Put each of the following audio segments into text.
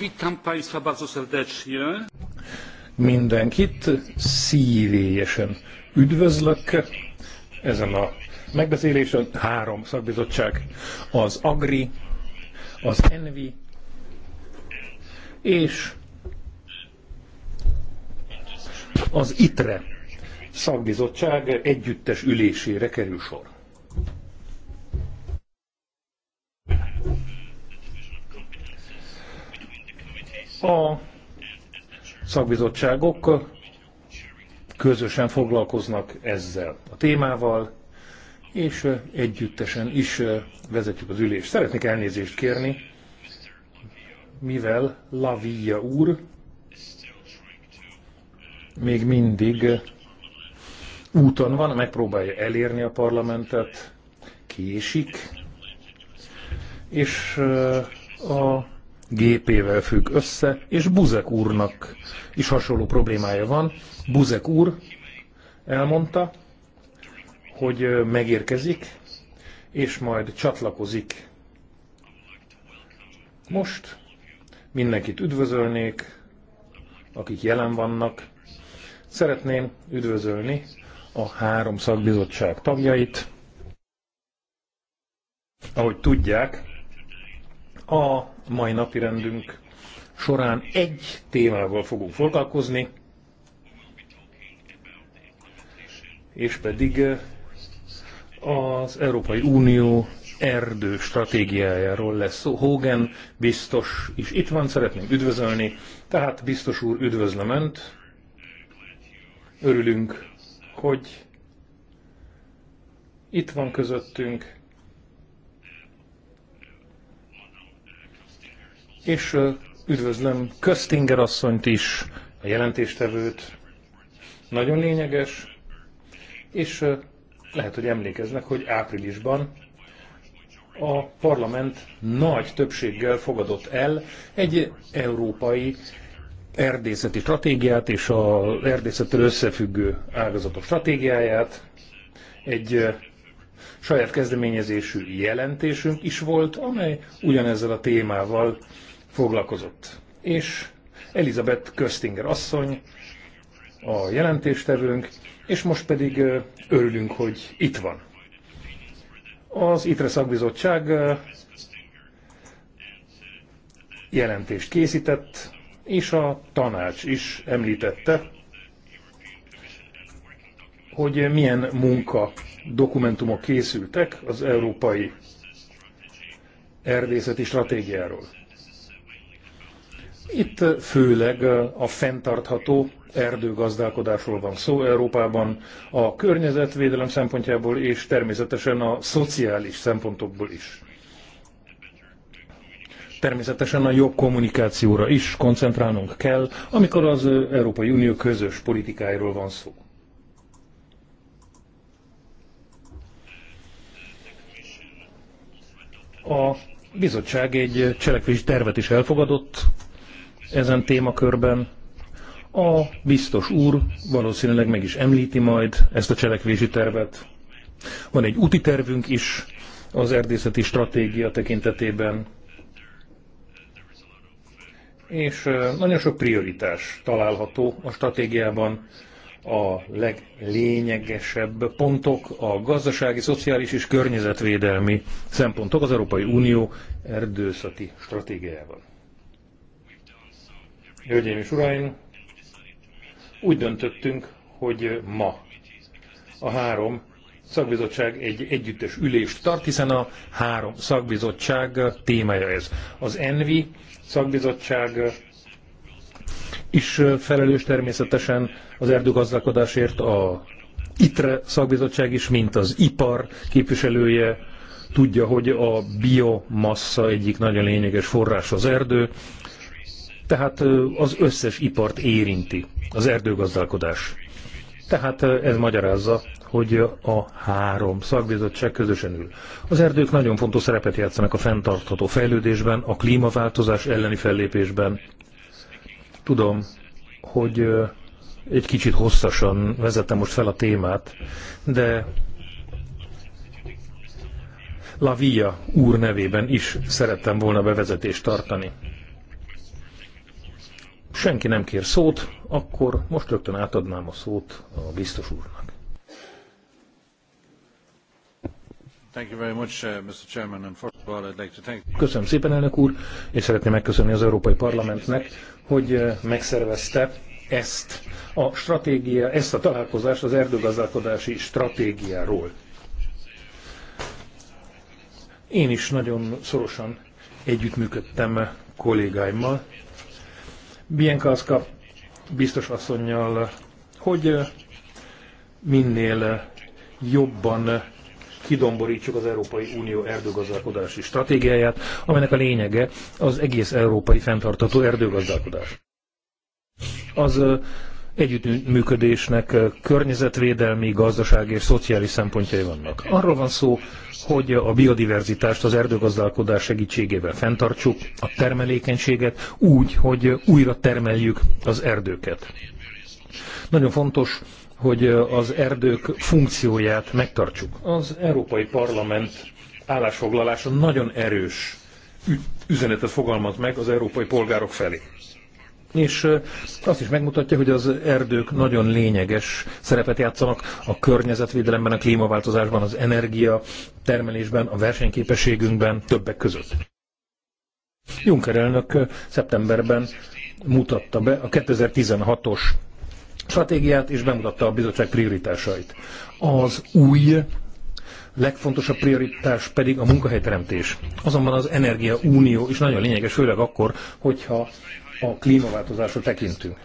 Witam Państwa bardzo serdecznie. Mindenkit szívélyesen üdvözlök ezen a megbeszélésen. Három szakbizottság, az Agri, az Envi és az ITRE szakbizottság együttes ülésére kerül sor. A szakbizottságok közösen foglalkoznak ezzel a témával, és együttesen is vezetjük az ülést. Szeretnék elnézést kérni, mivel Lavia úr még mindig úton van, megpróbálja elérni a parlamentet, késik, és a gépével függ össze, és Buzek úrnak is hasonló problémája van. Buzek úr elmondta, hogy megérkezik, és majd csatlakozik. Most mindenkit üdvözölnék, akik jelen vannak. Szeretném üdvözölni a három szakbizottság tagjait. Ahogy tudják, a mai napi rendünk során egy témával fogunk foglalkozni, és pedig eh, az Európai Unió erdő stratégiájáról lesz szó. Hogan biztos is itt van, szeretném üdvözölni. Tehát biztos úr, üdvözlöm Önt. Örülünk, hogy itt van közöttünk. és üdvözlöm Köztinger asszonyt is, a jelentéstevőt. Nagyon lényeges, és lehet, hogy emlékeznek, hogy áprilisban a parlament nagy többséggel fogadott el egy európai erdészeti stratégiát és az erdészettől összefüggő ágazatok stratégiáját. Egy saját kezdeményezésű jelentésünk is volt, amely ugyanezzel a témával foglalkozott. És Elizabeth Köstinger asszony, a jelentéstevőnk, és most pedig örülünk, hogy itt van. Az ITRE szakbizottság jelentést készített, és a tanács is említette, hogy milyen munka dokumentumok készültek az európai erdészeti stratégiáról. Itt főleg a fenntartható erdőgazdálkodásról van szó Európában a környezetvédelem szempontjából és természetesen a szociális szempontokból is. Természetesen a jobb kommunikációra is koncentrálnunk kell, amikor az Európai Unió közös politikáiról van szó. A bizottság egy cselekvési tervet is elfogadott ezen témakörben. A biztos úr valószínűleg meg is említi majd ezt a cselekvési tervet. Van egy úti tervünk is az erdészeti stratégia tekintetében. És nagyon sok prioritás található a stratégiában. A leglényegesebb pontok a gazdasági, szociális és környezetvédelmi szempontok az Európai Unió erdőszati stratégiájában. Hölgyeim és Uraim, úgy döntöttünk, hogy ma a három szakbizottság egy együttes ülést tart, hiszen a három szakbizottság témája ez. Az ENVI szakbizottság is felelős természetesen az erdőgazdálkodásért, a ITRE szakbizottság is, mint az ipar képviselője, tudja, hogy a biomassa egyik nagyon lényeges forrás az erdő, tehát az összes ipart érinti az erdőgazdálkodás. Tehát ez magyarázza, hogy a három szakbizottság közösen ül. Az erdők nagyon fontos szerepet játszanak a fenntartható fejlődésben, a klímaváltozás elleni fellépésben. Tudom, hogy egy kicsit hosszasan vezettem most fel a témát, de Villa úr nevében is szerettem volna bevezetést tartani senki nem kér szót, akkor most rögtön átadnám a szót a biztos úrnak. Uh, Köszönöm szépen, elnök úr, és szeretném megköszönni az Európai Parlamentnek, hogy uh, megszervezte ezt a stratégia, ezt a találkozást az erdőgazdálkodási stratégiáról. Én is nagyon szorosan együttműködtem kollégáimmal, Bienkaszka biztos asszonynal, hogy minél jobban kidomborítsuk az Európai Unió erdőgazdálkodási stratégiáját, amelynek a lényege az egész európai fenntartató erdőgazdálkodás. Az együttműködésnek környezetvédelmi, gazdasági és szociális szempontjai vannak. Arról van szó, hogy a biodiverzitást az erdőgazdálkodás segítségével fenntartsuk, a termelékenységet úgy, hogy újra termeljük az erdőket. Nagyon fontos, hogy az erdők funkcióját megtartsuk. Az Európai Parlament állásfoglalása nagyon erős üzenetet fogalmaz meg az európai polgárok felé és azt is megmutatja, hogy az erdők nagyon lényeges szerepet játszanak a környezetvédelemben, a klímaváltozásban, az energia termelésben, a versenyképességünkben, többek között. Juncker elnök szeptemberben mutatta be a 2016-os stratégiát, és bemutatta a bizottság prioritásait. Az új legfontosabb prioritás pedig a munkahelyteremtés. Azonban az Energia Unió is nagyon lényeges, főleg akkor, hogyha a klímaváltozásra tekintünk.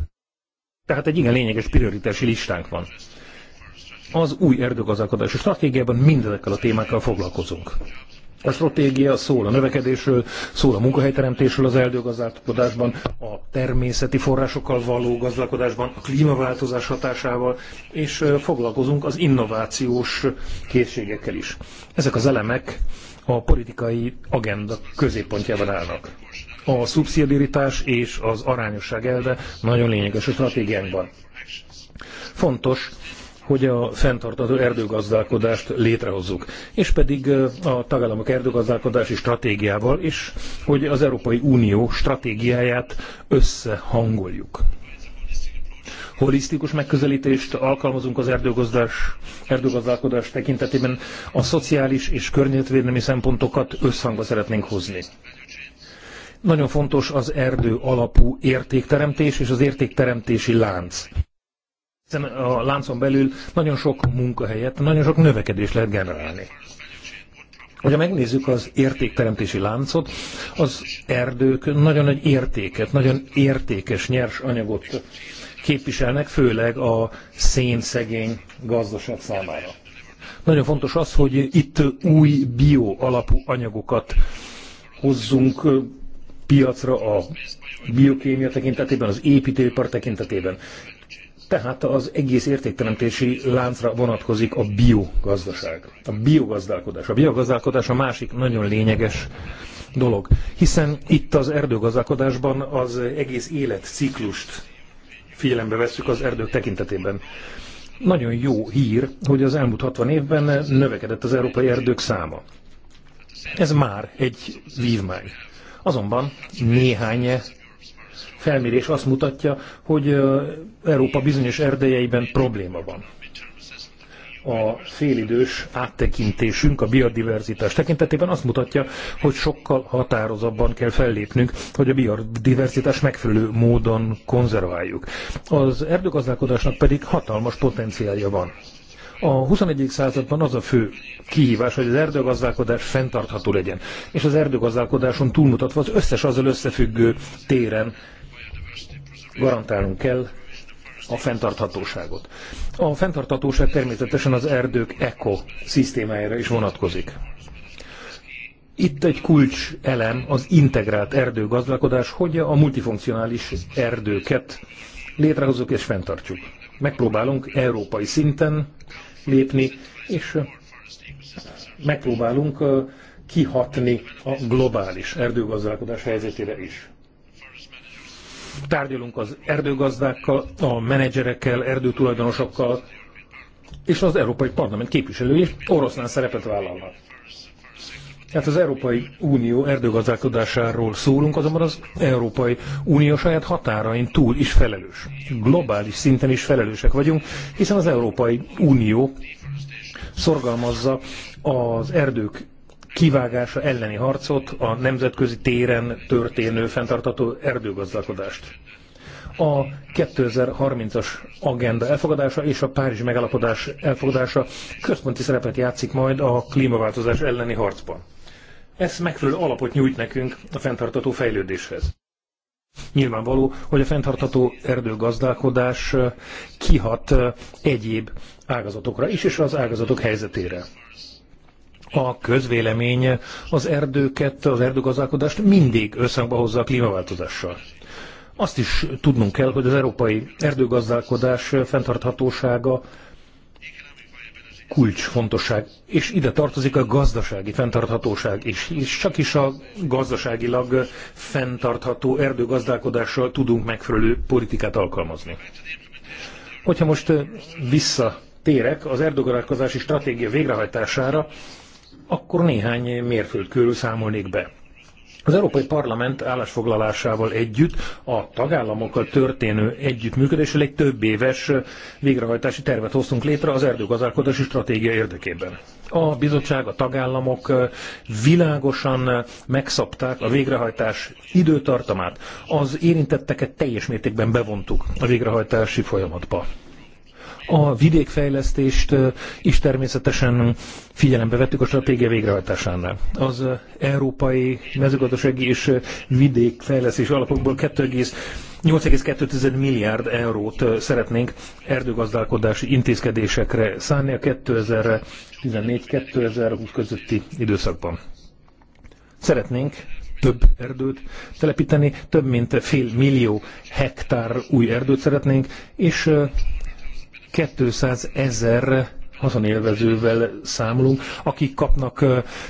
Tehát egy igen lényeges prioritási listánk van. Az új erdőgazdálkodási stratégiában mindezekkel a témákkal foglalkozunk. A stratégia szól a növekedésről, szól a munkahelyteremtésről az erdőgazdálkodásban, a természeti forrásokkal való gazdálkodásban, a klímaváltozás hatásával, és foglalkozunk az innovációs készségekkel is. Ezek az elemek a politikai agenda középpontjában állnak a szubszidiaritás és az arányosság elve nagyon lényeges a stratégiánkban. Fontos, hogy a fenntartató erdőgazdálkodást létrehozzuk, és pedig a tagállamok erdőgazdálkodási stratégiával is, hogy az Európai Unió stratégiáját összehangoljuk. Holisztikus megközelítést alkalmazunk az erdőgazdás, erdőgazdálkodás tekintetében, a szociális és környezetvédelmi szempontokat összhangba szeretnénk hozni. Nagyon fontos az erdő alapú értékteremtés és az értékteremtési lánc. Hiszen a láncon belül nagyon sok munkahelyet, nagyon sok növekedést lehet generálni. Hogyha megnézzük az értékteremtési láncot, az erdők nagyon nagy értéket, nagyon értékes nyers anyagot képviselnek, főleg a szénszegény gazdaság számára. Nagyon fontos az, hogy itt új bio alapú anyagokat hozzunk piacra a biokémia tekintetében, az építőipar tekintetében. Tehát az egész értékteremtési láncra vonatkozik a biogazdaság, a biogazdálkodás. A biogazdálkodás a másik nagyon lényeges dolog, hiszen itt az erdőgazdálkodásban az egész életciklust figyelembe vesszük az erdők tekintetében. Nagyon jó hír, hogy az elmúlt 60 évben növekedett az európai erdők száma. Ez már egy vívmány. Azonban néhány felmérés azt mutatja, hogy Európa bizonyos erdejeiben probléma van. A félidős áttekintésünk a biodiverzitás tekintetében azt mutatja, hogy sokkal határozabban kell fellépnünk, hogy a biodiverzitás megfelelő módon konzerváljuk. Az erdőgazdálkodásnak pedig hatalmas potenciálja van. A 21. században az a fő kihívás, hogy az erdőgazdálkodás fenntartható legyen, és az erdőgazdálkodáson túlmutatva az összes azzal összefüggő téren garantálnunk kell a fenntarthatóságot. A fenntarthatóság természetesen az erdők ekoszisztémájára is vonatkozik. Itt egy kulcs elem az integrált erdőgazdálkodás, hogy a multifunkcionális erdőket létrehozzuk és fenntartjuk. Megpróbálunk európai szinten lépni, és megpróbálunk kihatni a globális erdőgazdálkodás helyzetére is. Tárgyalunk az erdőgazdákkal, a menedzserekkel, erdőtulajdonosokkal, és az Európai Parlament képviselői oroszlán szerepet vállalnak. Tehát az Európai Unió erdőgazdálkodásáról szólunk, azonban az Európai Unió saját határain túl is felelős. Globális szinten is felelősek vagyunk, hiszen az Európai Unió szorgalmazza az erdők kivágása elleni harcot, a nemzetközi téren történő fenntartató erdőgazdálkodást. A 2030-as agenda elfogadása és a Párizsi megállapodás elfogadása központi szerepet játszik majd a klímaváltozás elleni harcban ez megfelelő alapot nyújt nekünk a fenntartató fejlődéshez. Nyilvánvaló, hogy a fenntartható erdőgazdálkodás kihat egyéb ágazatokra is, és az ágazatok helyzetére. A közvélemény az erdőket, az erdőgazdálkodást mindig összhangba hozza a klímaváltozással. Azt is tudnunk kell, hogy az európai erdőgazdálkodás fenntarthatósága kulcsfontosság, és ide tartozik a gazdasági fenntarthatóság is, és csak is a gazdaságilag fenntartható erdőgazdálkodással tudunk megfelelő politikát alkalmazni. Hogyha most visszatérek az erdőgazdálkodási stratégia végrehajtására, akkor néhány mérföldkörül számolnék be. Az Európai Parlament állásfoglalásával együtt a tagállamokkal történő együttműködésről egy több éves végrehajtási tervet hoztunk létre az erdőgazdálkodási stratégia érdekében. A bizottság, a tagállamok világosan megszabták a végrehajtás időtartamát. Az érintetteket teljes mértékben bevontuk a végrehajtási folyamatba. A vidékfejlesztést is természetesen figyelembe vettük a stratégia végrehajtásánál. Az Európai Mezőgazdasági és Vidékfejlesztés alapokból 8,2 milliárd eurót szeretnénk erdőgazdálkodási intézkedésekre szánni a 2014-2020 közötti időszakban. Szeretnénk több erdőt telepíteni, több mint fél millió hektár új erdőt szeretnénk, és 200 ezer haszonélvezővel számolunk, akik kapnak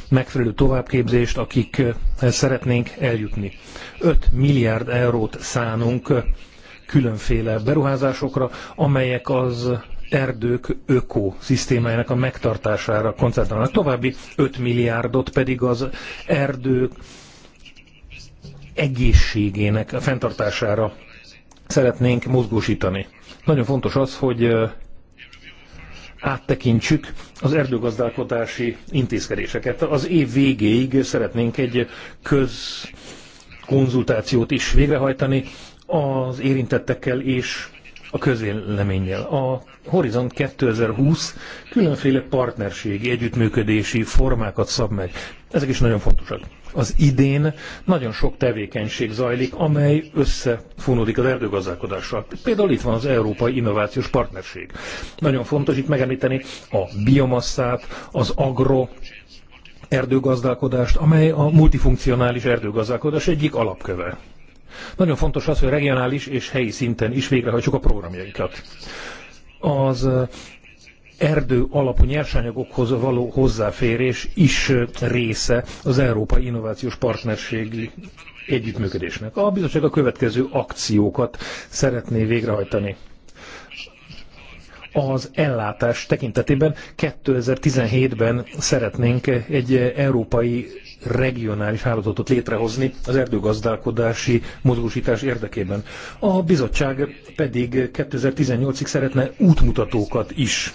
megfelelő továbbképzést, akik szeretnénk eljutni. 5 milliárd eurót szánunk különféle beruházásokra, amelyek az erdők ökoszisztémájának a megtartására koncentrálnak. További 5 milliárdot pedig az erdők egészségének a fenntartására szeretnénk mozgósítani. Nagyon fontos az, hogy áttekintsük az erdőgazdálkodási intézkedéseket. Az év végéig szeretnénk egy közkonzultációt is végrehajtani az érintettekkel és a közvéleménnyel. A Horizont 2020 különféle partnerségi, együttműködési formákat szab meg. Ezek is nagyon fontosak az idén nagyon sok tevékenység zajlik, amely összefonódik az erdőgazdálkodással. Például itt van az Európai Innovációs Partnerség. Nagyon fontos itt megemlíteni a biomasszát, az agro erdőgazdálkodást, amely a multifunkcionális erdőgazdálkodás egyik alapköve. Nagyon fontos az, hogy regionális és helyi szinten is végrehajtsuk a programjainkat. Az erdő alapú nyersanyagokhoz való hozzáférés is része az Európai Innovációs Partnerségi Együttműködésnek. A bizottság a következő akciókat szeretné végrehajtani az ellátás tekintetében 2017-ben szeretnénk egy európai regionális hálózatot létrehozni az erdőgazdálkodási mozgósítás érdekében. A bizottság pedig 2018-ig szeretne útmutatókat is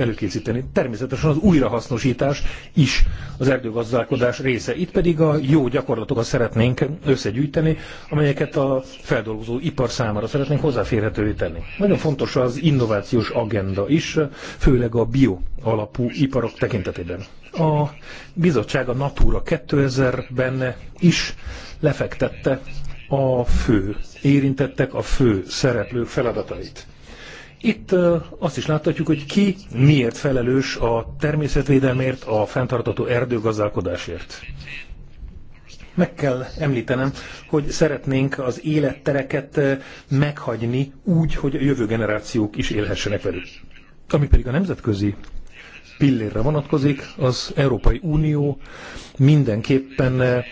előkészíteni. Természetesen az újrahasznosítás is az erdőgazdálkodás része. Itt pedig a jó gyakorlatokat szeretnénk összegyűjteni, amelyeket a feldolgozó ipar számára szeretnénk hozzáférhetővé tenni. Nagyon fontos az innovációs agenda is, főleg a bio alapú iparok tekintetében. A bizottság a Natura 2000-ben is lefektette a fő érintettek, a fő szereplők feladatait. Itt azt is láthatjuk, hogy ki miért felelős a természetvédelmért, a fenntartató erdőgazdálkodásért. Meg kell említenem, hogy szeretnénk az élettereket meghagyni úgy, hogy a jövő generációk is élhessenek velük. Ami pedig a nemzetközi pillérre vonatkozik, az Európai Unió mindenképpen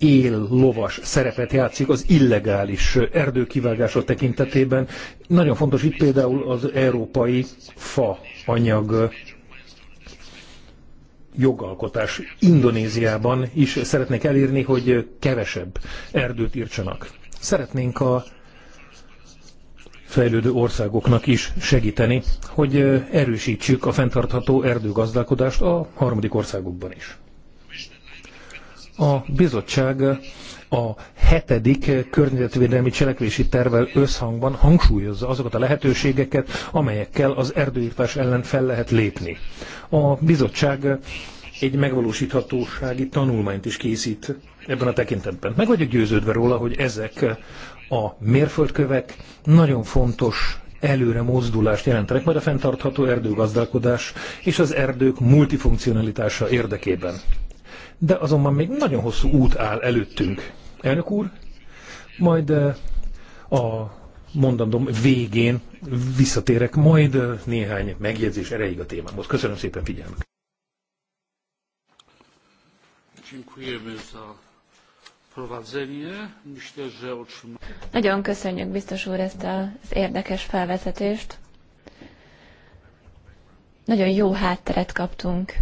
él lovas szerepet játszik az illegális erdőkivágások tekintetében. Nagyon fontos itt például az európai fa anyag jogalkotás Indonéziában is szeretnék elérni, hogy kevesebb erdőt írtsanak. Szeretnénk a fejlődő országoknak is segíteni, hogy erősítsük a fenntartható erdőgazdálkodást a harmadik országokban is. A bizottság a hetedik környezetvédelmi cselekvési tervvel összhangban hangsúlyozza azokat a lehetőségeket, amelyekkel az erdőírtás ellen fel lehet lépni. A bizottság egy megvalósíthatósági tanulmányt is készít ebben a tekintetben. Meg vagyok győződve róla, hogy ezek a mérföldkövek nagyon fontos előre mozdulást jelentenek majd a fenntartható erdőgazdálkodás és az erdők multifunkcionalitása érdekében de azonban még nagyon hosszú út áll előttünk. Elnök úr, majd eh, a mondandom végén visszatérek majd eh, néhány megjegyzés erejéig a témámhoz. Köszönöm szépen figyelmet! Nagyon köszönjük, biztos úr, ezt az érdekes felvezetést. Nagyon jó hátteret kaptunk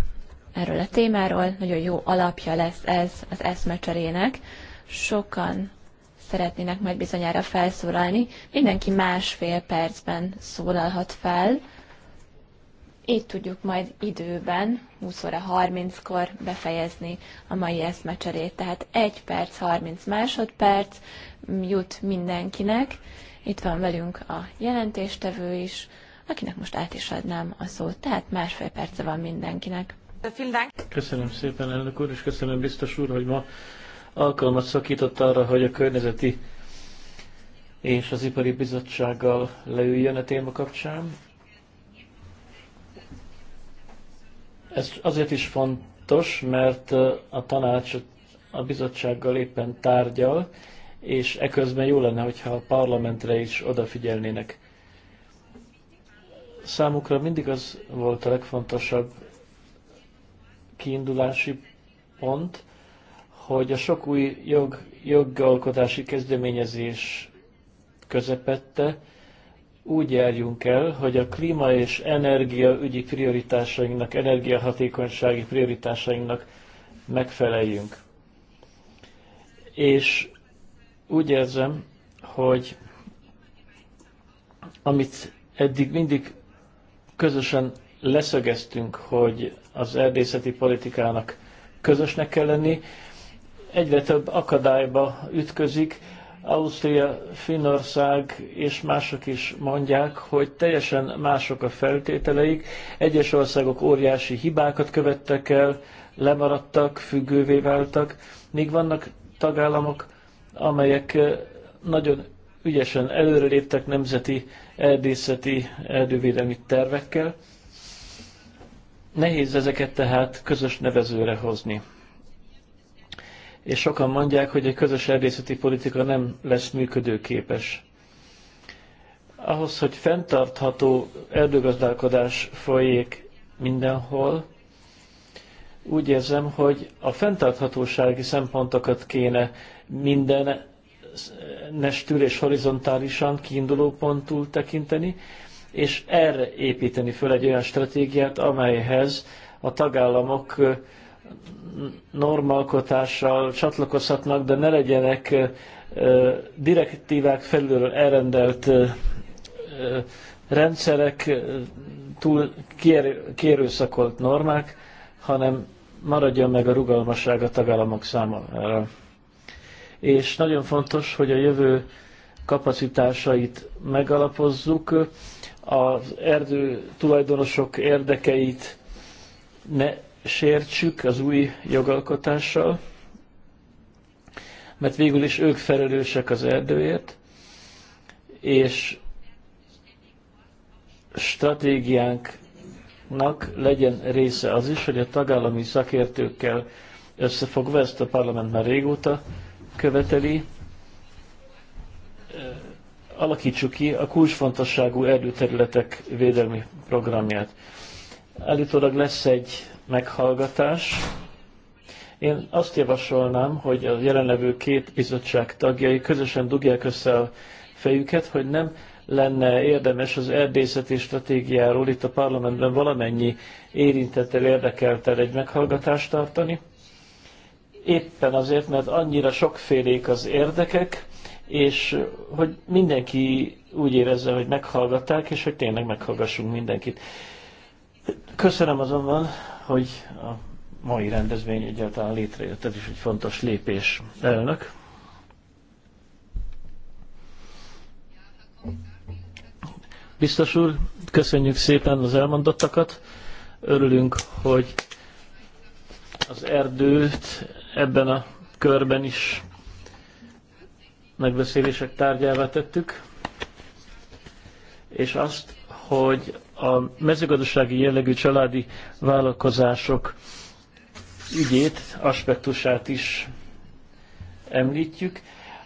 erről a témáról. Nagyon jó alapja lesz ez az eszmecserének. Sokan szeretnének majd bizonyára felszólalni. Mindenki másfél percben szólalhat fel. Így tudjuk majd időben, 20 óra 30-kor befejezni a mai eszmecserét. Tehát 1 perc, 30 másodperc jut mindenkinek. Itt van velünk a jelentéstevő is, akinek most át is adnám a szót, tehát másfél perce van mindenkinek. Köszönöm szépen, elnök úr, és köszönöm biztos úr, hogy ma alkalmat szakított arra, hogy a környezeti és az ipari bizottsággal leüljön a téma kapcsán. Ez azért is fontos, mert uh, a tanács a bizottsággal éppen tárgyal, és eközben jó lenne, hogyha a parlamentre is odafigyelnének. Számukra mindig az volt a legfontosabb, kiindulási pont, hogy a sok új jog, jogalkotási kezdeményezés közepette úgy járjunk el, hogy a klíma és energia ügyi prioritásainknak, energiahatékonysági prioritásainknak megfeleljünk. És úgy érzem, hogy amit eddig mindig közösen leszögeztünk, hogy az erdészeti politikának közösnek kell lenni. Egyre több akadályba ütközik. Ausztria, Finnország és mások is mondják, hogy teljesen mások a feltételeik. Egyes országok óriási hibákat követtek el, lemaradtak, függővé váltak, míg vannak tagállamok, amelyek eh, nagyon ügyesen előreléptek nemzeti erdészeti erdővédelmi tervekkel. Nehéz ezeket tehát közös nevezőre hozni. És sokan mondják, hogy egy közös erdészeti politika nem lesz működőképes. Ahhoz, hogy fenntartható erdőgazdálkodás folyék mindenhol, úgy érzem, hogy a fenntarthatósági szempontokat kéne minden nestül és horizontálisan kiinduló pontul tekinteni, és erre építeni föl egy olyan stratégiát, amelyhez a tagállamok normalkotással csatlakozhatnak, de ne legyenek direktívák felülről elrendelt rendszerek, túl kérőszakolt normák, hanem maradjon meg a rugalmasság a tagállamok számára. És nagyon fontos, hogy a jövő kapacitásait megalapozzuk, az erdő tulajdonosok érdekeit ne sértsük az új jogalkotással, mert végül is ők felelősek az erdőért, és stratégiánknak legyen része az is, hogy a tagállami szakértőkkel összefogva, ezt a parlament már régóta követeli, alakítsuk ki a kulcsfontosságú erdőterületek védelmi programját. Állítólag lesz egy meghallgatás. Én azt javasolnám, hogy a jelenlevő két bizottság tagjai közösen dugják össze a fejüket, hogy nem lenne érdemes az erdészeti stratégiáról itt a parlamentben valamennyi érintettel, érdekeltel egy meghallgatást tartani. Éppen azért, mert annyira sokfélék az érdekek, és hogy mindenki úgy érezze, hogy meghallgatták, és hogy tényleg meghallgassunk mindenkit. Köszönöm azonban, hogy a mai rendezvény egyáltalán létrejött, ez is egy fontos lépés. Elnök. Biztos úr, köszönjük szépen az elmondottakat. Örülünk, hogy az erdőt ebben a körben is megbeszélések tárgyává tettük, és azt, hogy a mezőgazdasági jellegű családi vállalkozások ügyét, aspektusát is említjük.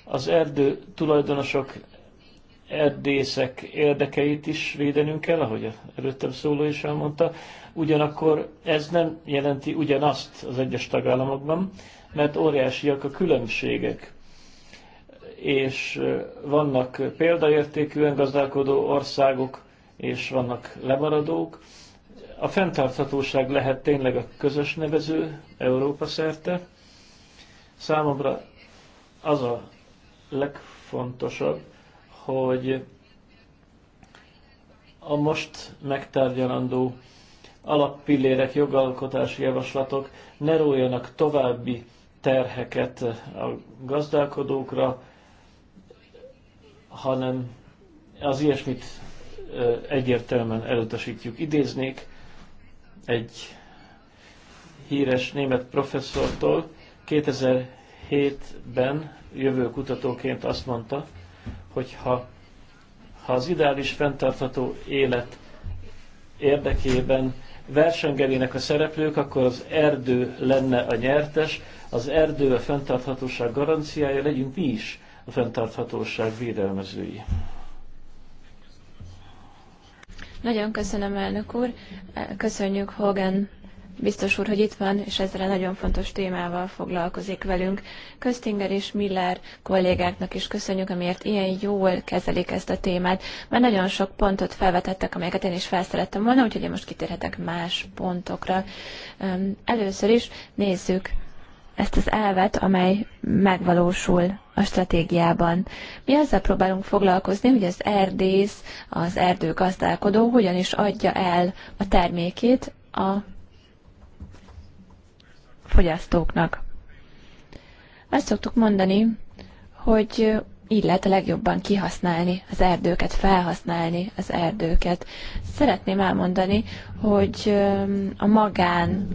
Az erdő tulajdonosok, erdészek érdekeit is védenünk kell, ahogy előttem szóló is elmondta. Ugyanakkor ez nem jelenti ugyanazt az egyes tagállamokban, mert óriásiak a különbségek és vannak példaértékűen gazdálkodó országok, és vannak lemaradók. A fenntarthatóság lehet tényleg a közös nevező Európa szerte. Számomra az a legfontosabb, hogy a most megtárgyalandó alappillérek, jogalkotási javaslatok ne rójanak további terheket a gazdálkodókra, hanem az ilyesmit egyértelműen elutasítjuk. Idéznék egy híres német professzortól, 2007-ben jövő kutatóként azt mondta, hogy ha, ha az ideális fenntartható élet érdekében versengelének a szereplők, akkor az erdő lenne a nyertes, az erdő a fenntarthatóság garanciája, legyünk mi is a fenntarthatóság védelmezői. Nagyon köszönöm, elnök úr. Köszönjük Hogan biztos úr, hogy itt van, és ezzel nagyon fontos témával foglalkozik velünk. Köztinger és Miller kollégáknak is köszönjük, amiért ilyen jól kezelik ezt a témát, mert nagyon sok pontot felvetettek, amelyeket én is felszerettem volna, úgyhogy én most kitérhetek más pontokra. Először is nézzük ezt az elvet, amely megvalósul a stratégiában. Mi ezzel próbálunk foglalkozni, hogy az erdész, az erdőgazdálkodó hogyan is adja el a termékét a fogyasztóknak. Azt szoktuk mondani, hogy így lehet a legjobban kihasználni az erdőket, felhasználni az erdőket. Szeretném elmondani, hogy a magán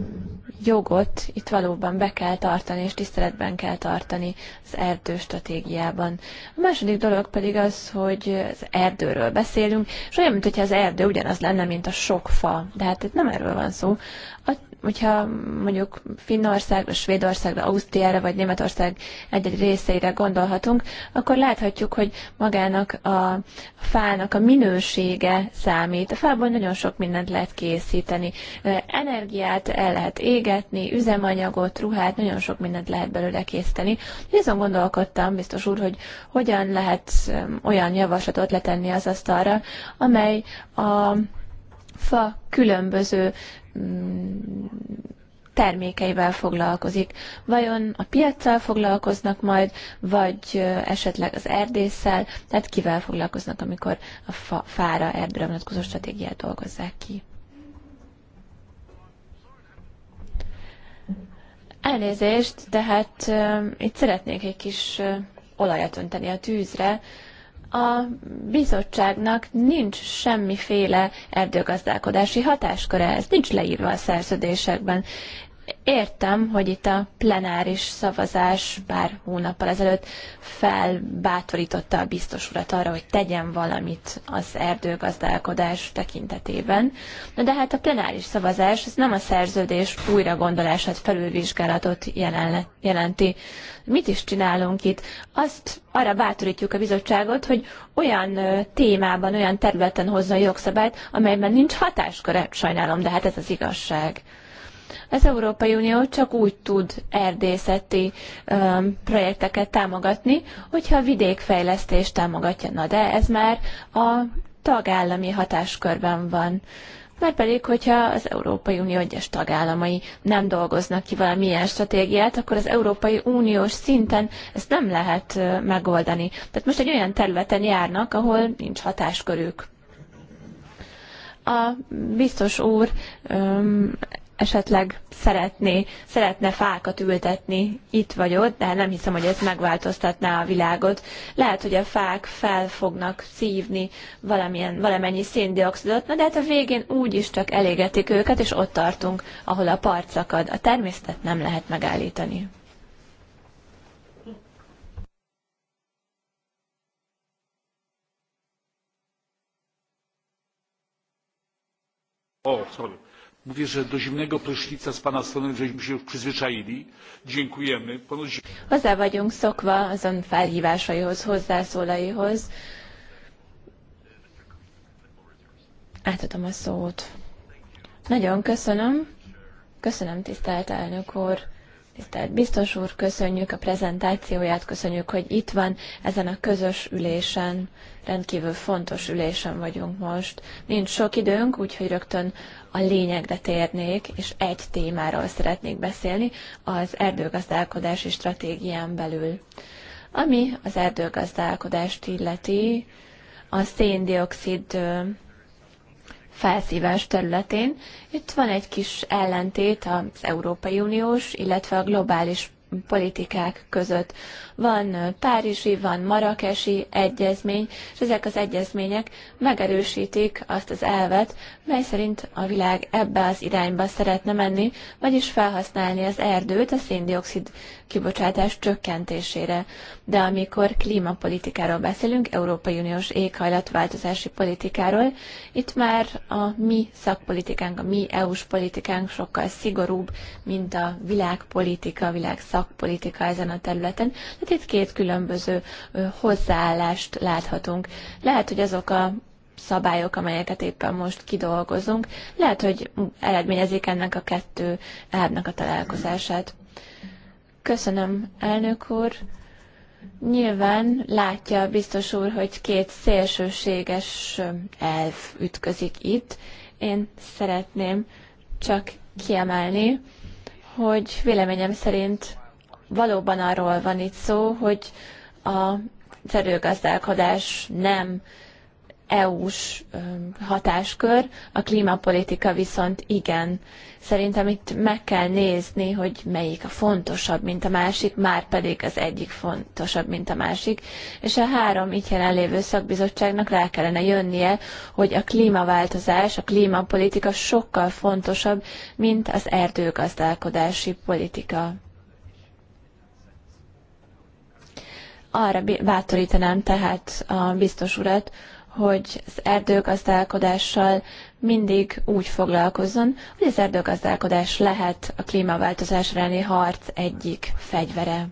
jogot itt valóban be kell tartani, és tiszteletben kell tartani az erdő stratégiában. A második dolog pedig az, hogy az erdőről beszélünk, és olyan, mintha az erdő ugyanaz lenne, mint a sok fa. De hát itt nem erről van szó. A hogyha mondjuk Finnországra, Svédországra, Ausztriára vagy Németország egy-egy részeire gondolhatunk, akkor láthatjuk, hogy magának a fának a minősége számít. A fából nagyon sok mindent lehet készíteni. Energiát el lehet égetni, üzemanyagot, ruhát, nagyon sok mindent lehet belőle készíteni. Azon gondolkodtam, biztos úr, hogy hogyan lehet olyan javaslatot letenni az asztalra, amely a fa különböző termékeivel foglalkozik. Vajon a piaccal foglalkoznak majd, vagy esetleg az erdésszel, tehát kivel foglalkoznak, amikor a fa, fára, erdőre vonatkozó stratégiát dolgozzák ki? Elnézést, tehát uh, itt szeretnék egy kis uh, olajat önteni a tűzre, a bizottságnak nincs semmiféle erdőgazdálkodási hatásköre, ez nincs leírva a szerződésekben értem, hogy itt a plenáris szavazás pár hónappal ezelőtt felbátorította a biztos urat arra, hogy tegyen valamit az erdőgazdálkodás tekintetében. Na de hát a plenáris szavazás ez nem a szerződés újragondolását, felülvizsgálatot jelenti. Mit is csinálunk itt? Azt arra bátorítjuk a bizottságot, hogy olyan témában, olyan területen hozzon jogszabályt, amelyben nincs hatásköre. Sajnálom, de hát ez az igazság. Az Európai Unió csak úgy tud erdészeti projekteket támogatni, hogyha a vidékfejlesztést támogatja. Na de ez már a tagállami hatáskörben van. Mert pedig, hogyha az Európai Unió egyes tagállamai nem dolgoznak ki valamilyen stratégiát, akkor az Európai Uniós szinten ezt nem lehet megoldani. Tehát most egy olyan területen járnak, ahol nincs hatáskörük. A biztos úr esetleg szeretné, szeretne fákat ültetni itt vagy ott, de nem hiszem, hogy ez megváltoztatná a világot. Lehet, hogy a fák fel fognak szívni valamilyen, valamennyi széndiokszidot, de hát a végén úgy is csak elégetik őket, és ott tartunk, ahol a part szakad. A természetet nem lehet megállítani. Oh, sorry. Mówię, że do zimnego prysznica z Pana strony żeśmy się już przyzwyczaili. Dziękujemy. Ponoć... Hozzá vagyunk szokva felhívásaihoz, hozzászólaihoz. Átadom a szót. Nagyon köszönöm. Köszönöm, tisztelt elnök úr. Tisztelt biztos úr, köszönjük a prezentációját, köszönjük, hogy itt van ezen a közös ülésen, rendkívül fontos ülésen vagyunk most. Nincs sok időnk, úgyhogy rögtön a lényegre térnék, és egy témáról szeretnék beszélni, az erdőgazdálkodási stratégián belül. Ami az erdőgazdálkodást illeti, a széndiokszid felszívás területén. Itt van egy kis ellentét az Európai Uniós, illetve a globális politikák között. Van Párizsi, van Marakesi egyezmény, és ezek az egyezmények megerősítik azt az elvet, mely szerint a világ ebbe az irányba szeretne menni, vagyis felhasználni az erdőt a széndiokszid kibocsátás csökkentésére. De amikor klímapolitikáról beszélünk, Európai Uniós éghajlatváltozási politikáról, itt már a mi szakpolitikánk, a mi EU-s politikánk sokkal szigorúbb, mint a világpolitika, világ szakpolitika ezen a területen. De tehát itt két különböző hozzáállást láthatunk. Lehet, hogy azok a szabályok, amelyeket éppen most kidolgozunk, lehet, hogy eredményezik ennek a kettő árnak a találkozását. Köszönöm, elnök úr. Nyilván látja biztos úr, hogy két szélsőséges elv ütközik itt. Én szeretném csak kiemelni, hogy véleményem szerint valóban arról van itt szó, hogy a szerőgazdálkodás nem EU-s hatáskör, a klímapolitika viszont igen. Szerintem itt meg kell nézni, hogy melyik a fontosabb, mint a másik, már pedig az egyik fontosabb, mint a másik. És a három így jelenlévő szakbizottságnak rá kellene jönnie, hogy a klímaváltozás, a klímapolitika sokkal fontosabb, mint az erdőgazdálkodási politika. Arra bátorítanám tehát a biztos urat, hogy az erdőgazdálkodással mindig úgy foglalkozzon, hogy az erdőgazdálkodás lehet a klímaváltozás elleni harc egyik fegyvere.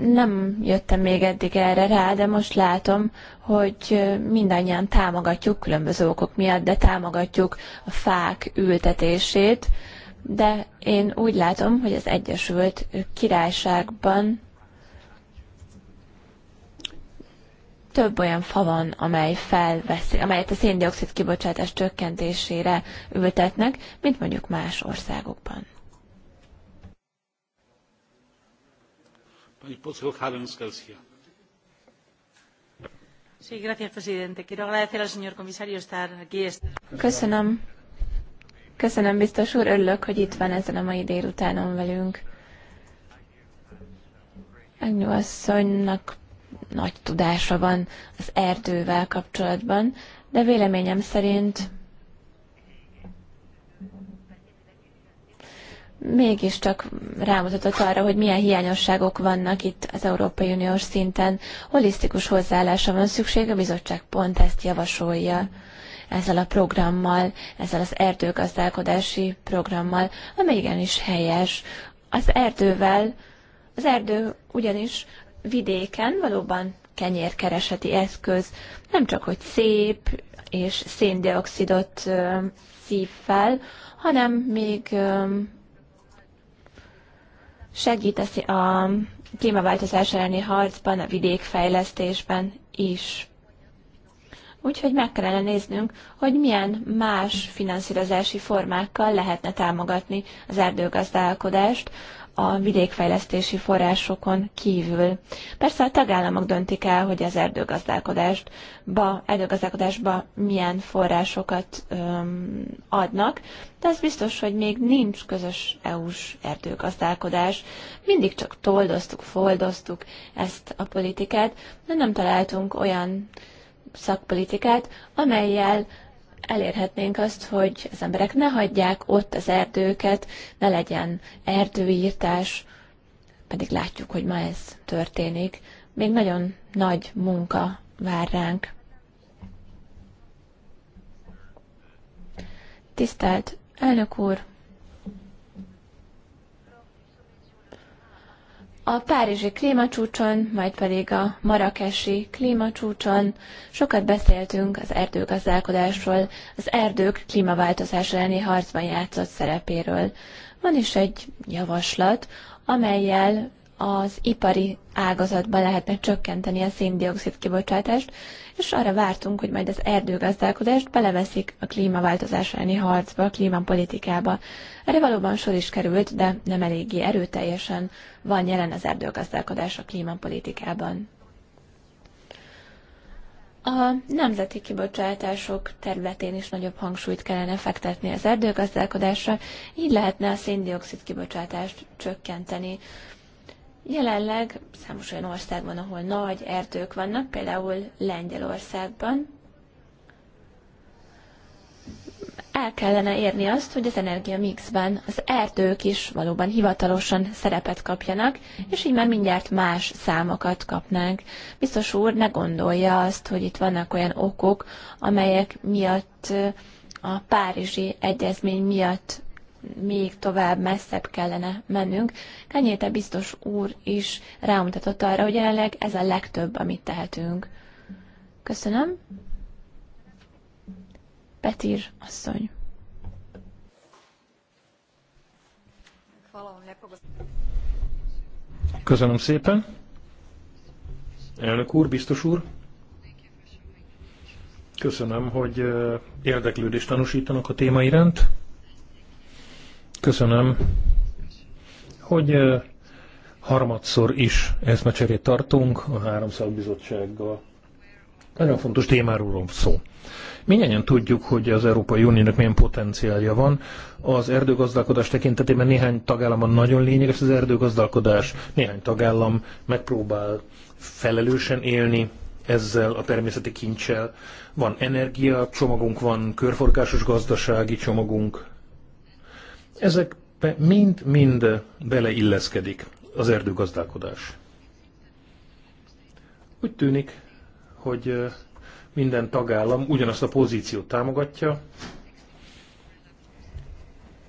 Nem jöttem még eddig erre rá, de most látom, hogy mindannyian támogatjuk, különböző okok miatt, de támogatjuk a fák ültetését, de én úgy látom, hogy az Egyesült Királyságban több olyan fa van, amely felveszi, amelyet a széndiokszid kibocsátás csökkentésére ültetnek, mint mondjuk más országokban. Köszönöm. Köszönöm, biztos úr, örülök, hogy itt van ezen a mai délutánon velünk. Agnyú asszonynak nagy tudása van az erdővel kapcsolatban, de véleményem szerint mégiscsak rámutatott arra, hogy milyen hiányosságok vannak itt az Európai Uniós szinten. Holisztikus hozzáállása van szükség, a bizottság pont ezt javasolja ezzel a programmal, ezzel az erdőgazdálkodási programmal, amely igenis helyes. Az erdővel, az erdő ugyanis vidéken valóban kenyérkereseti eszköz, nem csak hogy szép és széndiokszidot szív fel, hanem még segít a klímaváltozás elleni harcban, a vidékfejlesztésben is. Úgyhogy meg kellene néznünk, hogy milyen más finanszírozási formákkal lehetne támogatni az erdőgazdálkodást, a vidékfejlesztési forrásokon kívül. Persze a tagállamok döntik el, hogy az erdőgazdálkodásba, erdőgazdálkodásba milyen forrásokat öm, adnak, de az biztos, hogy még nincs közös EU-s erdőgazdálkodás. Mindig csak toldoztuk, foldoztuk ezt a politikát, de nem találtunk olyan szakpolitikát, amelyel elérhetnénk azt, hogy az emberek ne hagyják ott az erdőket, ne legyen erdőírtás, pedig látjuk, hogy ma ez történik. Még nagyon nagy munka vár ránk. Tisztelt elnök úr, A párizsi klímacsúcson, majd pedig a marakesi klímacsúcson sokat beszéltünk az erdőgazdálkodásról, az erdők klímaváltozás elleni harcban játszott szerepéről. Van is egy javaslat, amelyel az ipari ágazatban lehetne csökkenteni a széndiokszid kibocsátást, és arra vártunk, hogy majd az erdőgazdálkodást beleveszik a klímaváltozás elleni harcba, a klímapolitikába. Erre valóban sor is került, de nem eléggé erőteljesen van jelen az erdőgazdálkodás a klímapolitikában. A nemzeti kibocsátások területén is nagyobb hangsúlyt kellene fektetni az erdőgazdálkodásra, így lehetne a széndiokszid kibocsátást csökkenteni. Jelenleg számos olyan ország van, ahol nagy erdők vannak, például Lengyelországban. El kellene érni azt, hogy az energiamixben az erdők is valóban hivatalosan szerepet kapjanak, és így már mindjárt más számokat kapnánk. Biztos úr ne gondolja azt, hogy itt vannak olyan okok, amelyek miatt a Párizsi Egyezmény miatt még tovább messzebb kellene mennünk. Kenyéte biztos úr is rámutatott arra, hogy jelenleg ez a legtöbb, amit tehetünk. Köszönöm. Petír asszony. Köszönöm szépen. Elnök úr, biztos úr. Köszönöm, hogy eh, érdeklődést tanúsítanak a téma iránt. Köszönöm, hogy harmadszor is eszmecserét tartunk a három szakbizottsággal. Nagyon fontos témáról van szó. Mindennyian tudjuk, hogy az Európai Uniónak milyen potenciálja van. Az erdőgazdálkodás tekintetében néhány tagállamban nagyon lényeges az erdőgazdálkodás, néhány tagállam megpróbál felelősen élni ezzel a természeti kincsel. Van energia csomagunk, van körforgásos gazdasági csomagunk, Ezekbe mind-mind beleilleszkedik az erdőgazdálkodás. Úgy tűnik, hogy minden tagállam ugyanazt a pozíciót támogatja,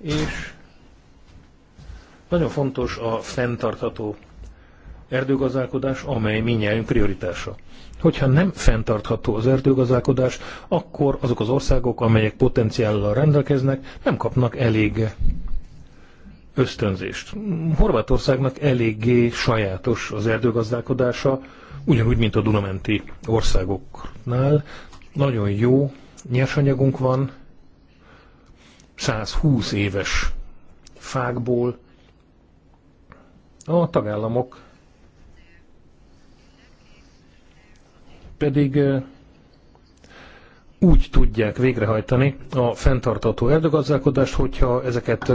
és nagyon fontos a fenntartható erdőgazdálkodás, amely minnyájunk prioritása hogyha nem fenntartható az erdőgazdálkodás, akkor azok az országok, amelyek potenciállal rendelkeznek, nem kapnak elég ösztönzést. Horvátországnak eléggé sajátos az erdőgazdálkodása, ugyanúgy, mint a Dunamenti országoknál. Nagyon jó nyersanyagunk van, 120 éves fákból. A tagállamok pedig úgy tudják végrehajtani a fenntartató erdőgazdálkodást, hogyha ezeket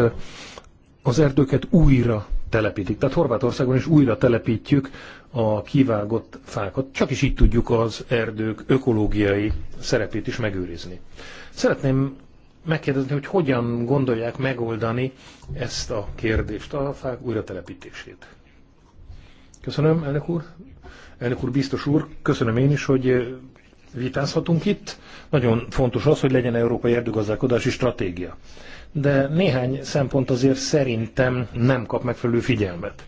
az erdőket újra telepítik. Tehát Horvátországban is újra telepítjük a kivágott fákat. Csak is így tudjuk az erdők ökológiai szerepét is megőrizni. Szeretném megkérdezni, hogy hogyan gondolják megoldani ezt a kérdést, a fák újra telepítését? Köszönöm, elnök úr. Elnök úr, biztos úr, köszönöm én is, hogy eh, vitázhatunk itt. Nagyon fontos az, hogy legyen európai erdőgazdálkodási stratégia. De néhány szempont azért szerintem nem kap megfelelő figyelmet.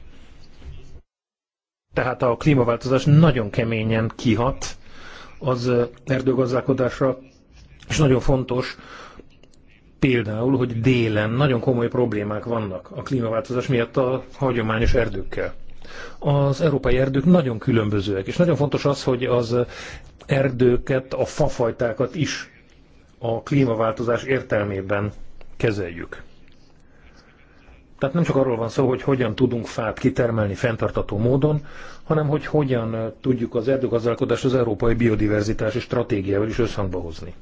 Tehát a klímaváltozás nagyon keményen kihat az eh, erdőgazdálkodásra, és nagyon fontos, például, hogy délen nagyon komoly problémák vannak a klímaváltozás miatt a hagyományos erdőkkel. Az európai erdők nagyon különbözőek, és nagyon fontos az, hogy az erdőket, a fafajtákat is a klímaváltozás értelmében kezeljük. Tehát nem csak arról van szó, hogy hogyan tudunk fát kitermelni fenntartató módon, hanem hogy hogyan tudjuk az erdőgazdálkodást az európai biodiverzitási stratégiával is összhangba hozni.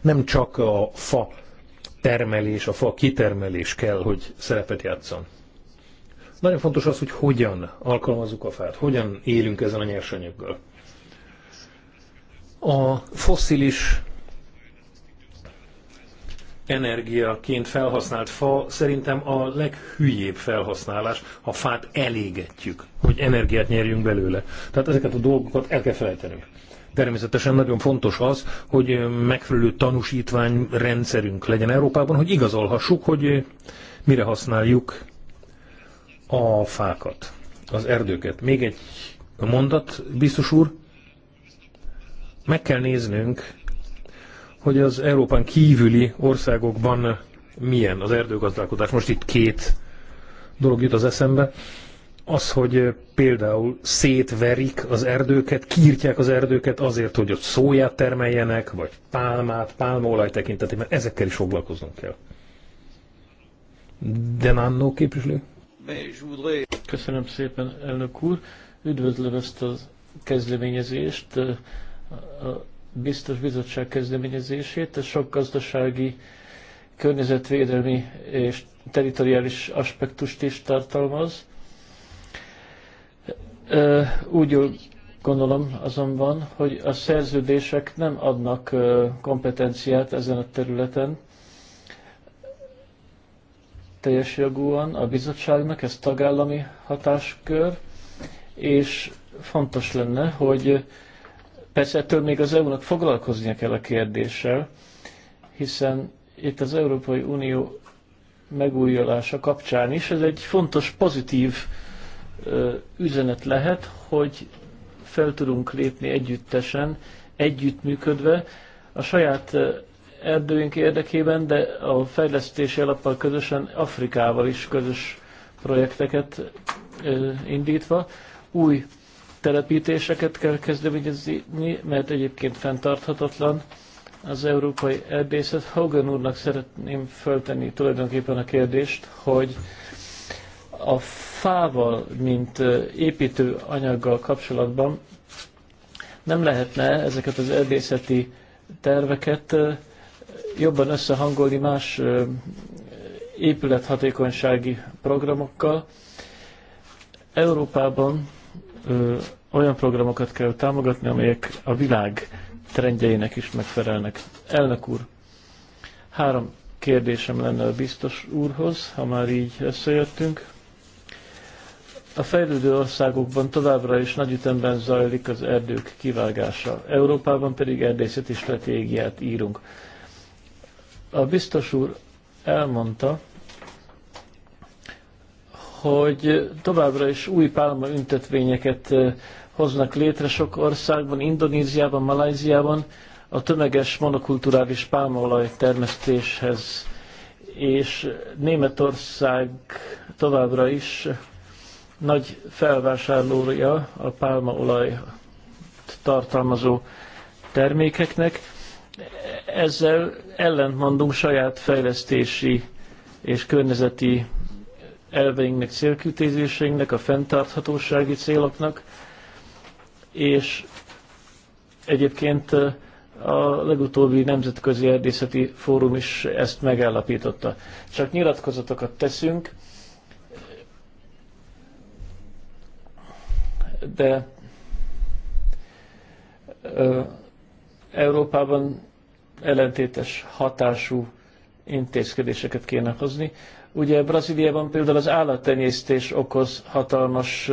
Nem csak a fa termelés, a fa kitermelés kell, hogy szerepet játszon. Nagyon fontos az, hogy hogyan alkalmazzuk a fát, hogyan élünk ezen a nyersanyaggal. A fosszilis energiaként felhasznált fa szerintem a leghülyébb felhasználás, ha fát elégetjük, hogy energiát nyerjünk belőle. Tehát ezeket a dolgokat el kell felejtenünk. Természetesen nagyon fontos az, hogy megfelelő tanúsítvány rendszerünk legyen Európában, hogy igazolhassuk, hogy mire használjuk a fákat, az erdőket. Még egy mondat, biztos úr. Meg kell néznünk, hogy az Európán kívüli országokban milyen az erdőgazdálkodás. Most itt két dolog jut az eszembe. Az, hogy például szétverik az erdőket, kírtják az erdőket azért, hogy ott szóját termeljenek, vagy pálmát, pálmaolaj tekintetében. Ezekkel is foglalkoznunk kell. de Denannó képviselő? Köszönöm szépen, elnök úr. Üdvözlöm ezt a kezdeményezést, a biztos bizottság kezdeményezését. Ez sok gazdasági, környezetvédelmi és teritoriális aspektust is tartalmaz. Úgy gondolom azonban, hogy a szerződések nem adnak kompetenciát ezen a területen, teljes jogúan a bizottságnak, ez tagállami hatáskör, és fontos lenne, hogy persze ettől még az EU-nak foglalkoznia kell a kérdéssel, hiszen itt az Európai Unió megújulása kapcsán is ez egy fontos, pozitív üzenet lehet, hogy fel tudunk lépni együttesen, együttműködve a saját erdőink érdekében, de a fejlesztési alappal közösen Afrikával is közös projekteket indítva. Új telepítéseket kell kezdeményezni, mert egyébként fenntarthatatlan az európai erdészet. Hogan úrnak szeretném föltenni tulajdonképpen a kérdést, hogy a fával, mint építő anyaggal kapcsolatban nem lehetne ezeket az erdészeti terveket jobban összehangolni más épülethatékonysági programokkal. Európában olyan programokat kell támogatni, amelyek a világ trendjeinek is megfelelnek. Elnök úr, három kérdésem lenne a biztos úrhoz, ha már így összejöttünk. A fejlődő országokban továbbra is nagy ütemben zajlik az erdők kivágása. Európában pedig erdészeti stratégiát írunk. A biztos úr elmondta, hogy továbbra is új pálma üntetvényeket eh, hoznak létre sok országban, Indonéziában, Malajziában, a tömeges monokulturális pálmaolaj termesztéshez, és Németország továbbra is nagy felvásárlója a pálmaolaj tartalmazó termékeknek. Ezzel ellentmondunk saját fejlesztési és környezeti elveinknek, célkütézéseinknek, a fenntarthatósági céloknak, és egyébként a legutóbbi Nemzetközi Erdészeti Fórum is ezt megállapította. Csak nyilatkozatokat teszünk, de Európában ellentétes hatású intézkedéseket kéne hozni. Ugye Brazíliában például az állattenyésztés okoz hatalmas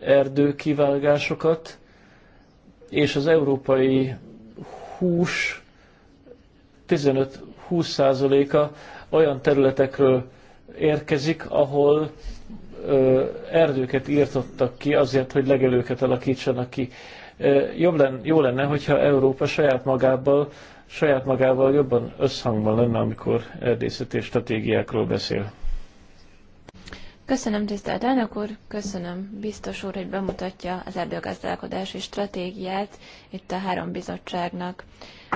erdőkivágásokat, és az európai hús 15-20%-a olyan területekről érkezik, ahol erdőket írtottak ki azért, hogy legelőket alakítsanak ki. Jobb lenne, jó lenne, hogyha Európa saját magával, saját magával jobban összhangban lenne, amikor erdészeti stratégiákról beszél. Köszönöm, tisztelt elnök úr, köszönöm biztos úr, hogy bemutatja az erdőgazdálkodási stratégiát itt a három bizottságnak.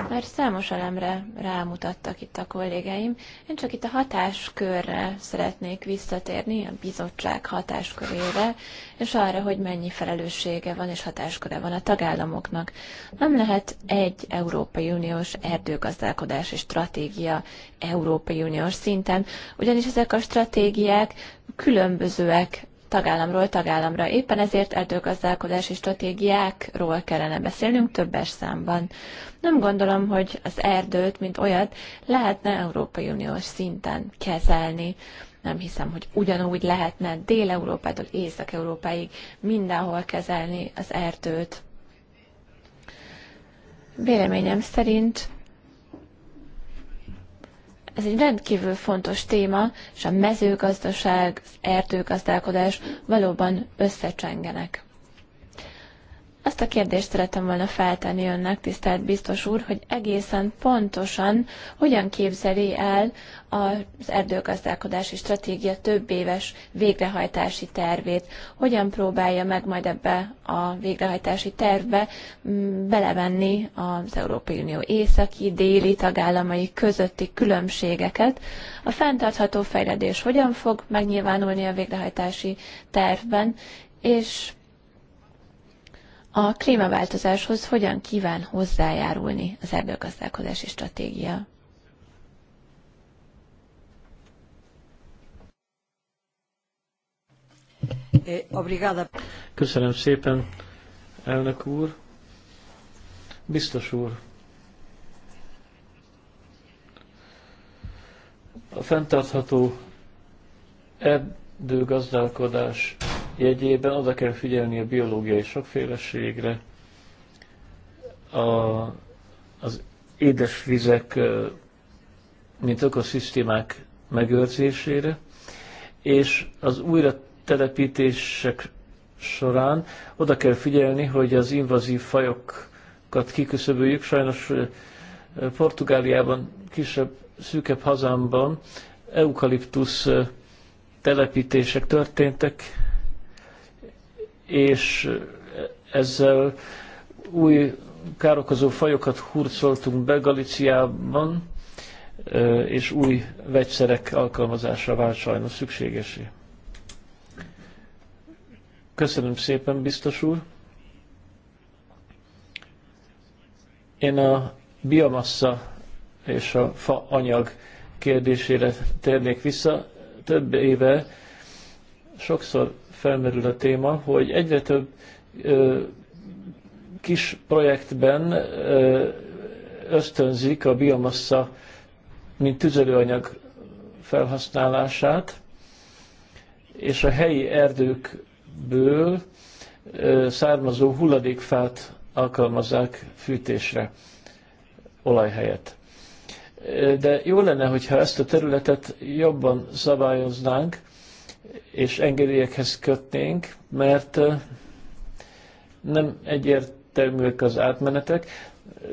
Mert számos elemre rámutattak itt a kollégáim. Én csak itt a hatáskörre szeretnék visszatérni, a bizottság hatáskörére, és arra, hogy mennyi felelőssége van és hatásköre van a tagállamoknak. Nem lehet egy Európai Uniós erdőgazdálkodási stratégia Európai Uniós szinten, ugyanis ezek a stratégiák különbözőek tagállamról tagállamra. Éppen ezért erdőgazdálkodási stratégiákról kellene beszélnünk többes számban. Nem gondolom, hogy az erdőt, mint olyat, lehetne Európai Uniós szinten kezelni. Nem hiszem, hogy ugyanúgy lehetne Dél-Európától Észak-Európáig mindenhol kezelni az erdőt. Véleményem szerint ez egy rendkívül fontos téma, és a mezőgazdaság, az erdőgazdálkodás valóban összecsengenek. Azt a kérdést szeretem volna feltenni önnek, tisztelt biztos úr, hogy egészen pontosan hogyan képzeli el az erdőgazdálkodási stratégia több éves végrehajtási tervét. Hogyan próbálja meg majd ebbe a végrehajtási tervbe mm, belevenni az Európai Unió északi, déli tagállamai közötti különbségeket. A fenntartható fejlődés hogyan fog megnyilvánulni a végrehajtási tervben, és a klímaváltozáshoz hogyan kíván hozzájárulni az erdőgazdálkodási stratégia? Eh, Köszönöm szépen, elnök úr. Biztos úr. A fenntartható erdőgazdálkodás jegyében oda kell figyelni a biológiai sokféleségre, a, az édesvizek, mint ökoszisztémák megőrzésére, és az újra telepítések során oda kell figyelni, hogy az invazív fajokat kiküszöböljük. Sajnos Portugáliában, kisebb, szűkebb hazámban eukaliptusz telepítések történtek és ezzel új károkozó fajokat hurcoltunk be Galiciában, és új vegyszerek alkalmazásra vált sajnos szükségesé. Köszönöm szépen, biztos úr! Én a biomassa és a fa anyag kérdésére térnék vissza. Több éve sokszor felmerül a téma, hogy egyre több ö, kis projektben ö, ösztönzik a biomassa, mint tüzelőanyag felhasználását, és a helyi erdőkből ö, származó hulladékfát alkalmazzák fűtésre olaj helyett. De jó lenne, hogyha ezt a területet jobban szabályoznánk, és engedélyekhez kötnénk, mert nem egyértelműek az átmenetek,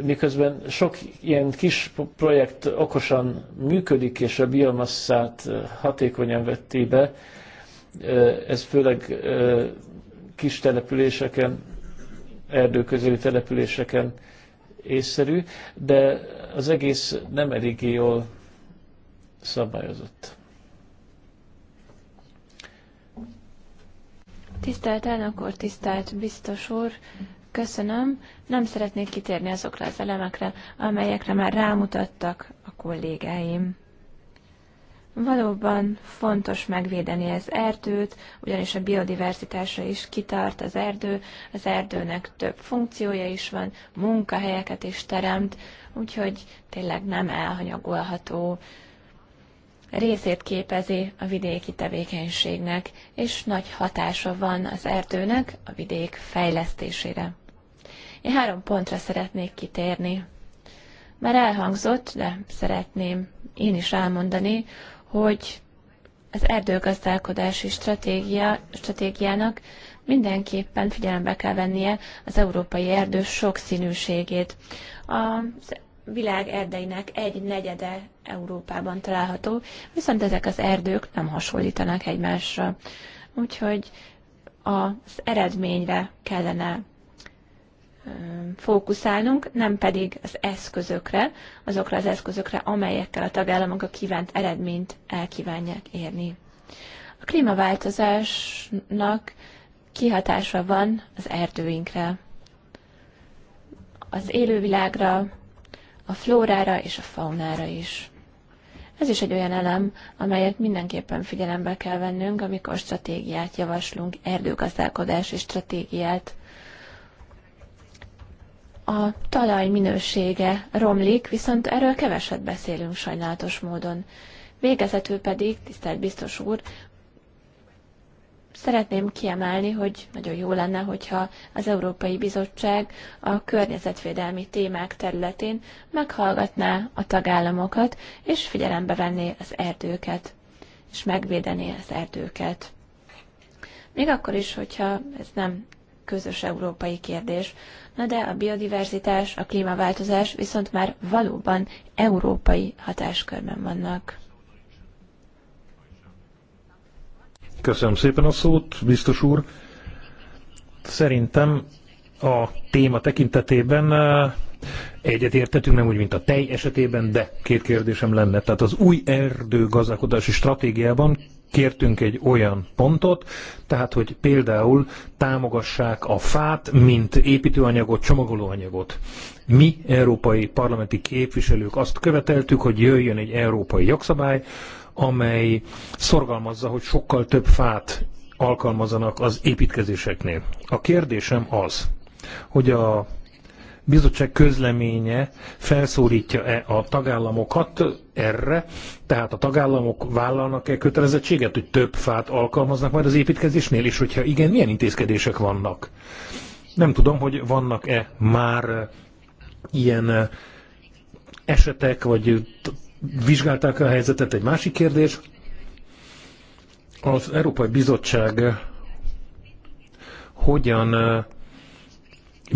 miközben sok ilyen kis projekt okosan működik, és a biomasszát hatékonyan vetté be, ez főleg kis településeken, erdőközeli településeken észszerű, de az egész nem eléggé jól szabályozott. Tisztelt elnök úr, tisztelt biztos úr, köszönöm. Nem szeretnék kitérni azokra az elemekre, amelyekre már rámutattak a kollégáim. Valóban fontos megvédeni az erdőt, ugyanis a biodiverzitása is kitart az erdő. Az erdőnek több funkciója is van, munkahelyeket is teremt, úgyhogy tényleg nem elhanyagolható részét képezi a vidéki tevékenységnek, és nagy hatása van az erdőnek a vidék fejlesztésére. Én három pontra szeretnék kitérni. Már elhangzott, de szeretném én is elmondani, hogy az erdőgazdálkodási stratégia, stratégiának mindenképpen figyelembe kell vennie az európai erdő sokszínűségét. Az világ erdeinek egy negyede Európában található, viszont ezek az erdők nem hasonlítanak egymásra. Úgyhogy az eredményre kellene fókuszálnunk, nem pedig az eszközökre, azokra az eszközökre, amelyekkel a tagállamok a kívánt eredményt elkívánják érni. A klímaváltozásnak kihatása van az erdőinkre, az élővilágra, a flórára és a faunára is. Ez is egy olyan elem, amelyet mindenképpen figyelembe kell vennünk, amikor stratégiát javaslunk, erdőgazdálkodási stratégiát. A talaj minősége romlik, viszont erről keveset beszélünk sajnálatos módon. Végezetül pedig, tisztelt biztos úr, szeretném kiemelni, hogy nagyon jó lenne, hogyha az Európai Bizottság a környezetvédelmi témák területén meghallgatná a tagállamokat, és figyelembe venné az erdőket, és megvédené az erdőket. Még akkor is, hogyha ez nem közös európai kérdés. Na de a biodiverzitás, a klímaváltozás viszont már valóban európai hatáskörben vannak. Köszönöm szépen a szót, biztos úr. Szerintem a téma tekintetében eh, egyetértetünk, nem úgy, mint a tej esetében, de két kérdésem lenne. Tehát az új erdőgazdálkodási stratégiában kértünk egy olyan pontot, tehát hogy például támogassák a fát, mint építőanyagot, csomagolóanyagot. Mi, európai parlamenti képviselők azt követeltük, hogy jöjjön egy európai jogszabály, amely szorgalmazza, hogy sokkal több fát alkalmazanak az építkezéseknél. A kérdésem az, hogy a bizottság közleménye felszólítja-e a tagállamokat erre, tehát a tagállamok vállalnak-e kötelezettséget, hogy több fát alkalmaznak majd az építkezésnél, és hogyha igen, milyen intézkedések vannak? Nem tudom, hogy vannak-e már ilyen esetek, vagy vizsgálták a helyzetet? Egy másik kérdés. Az Európai Bizottság eh, hogyan eh,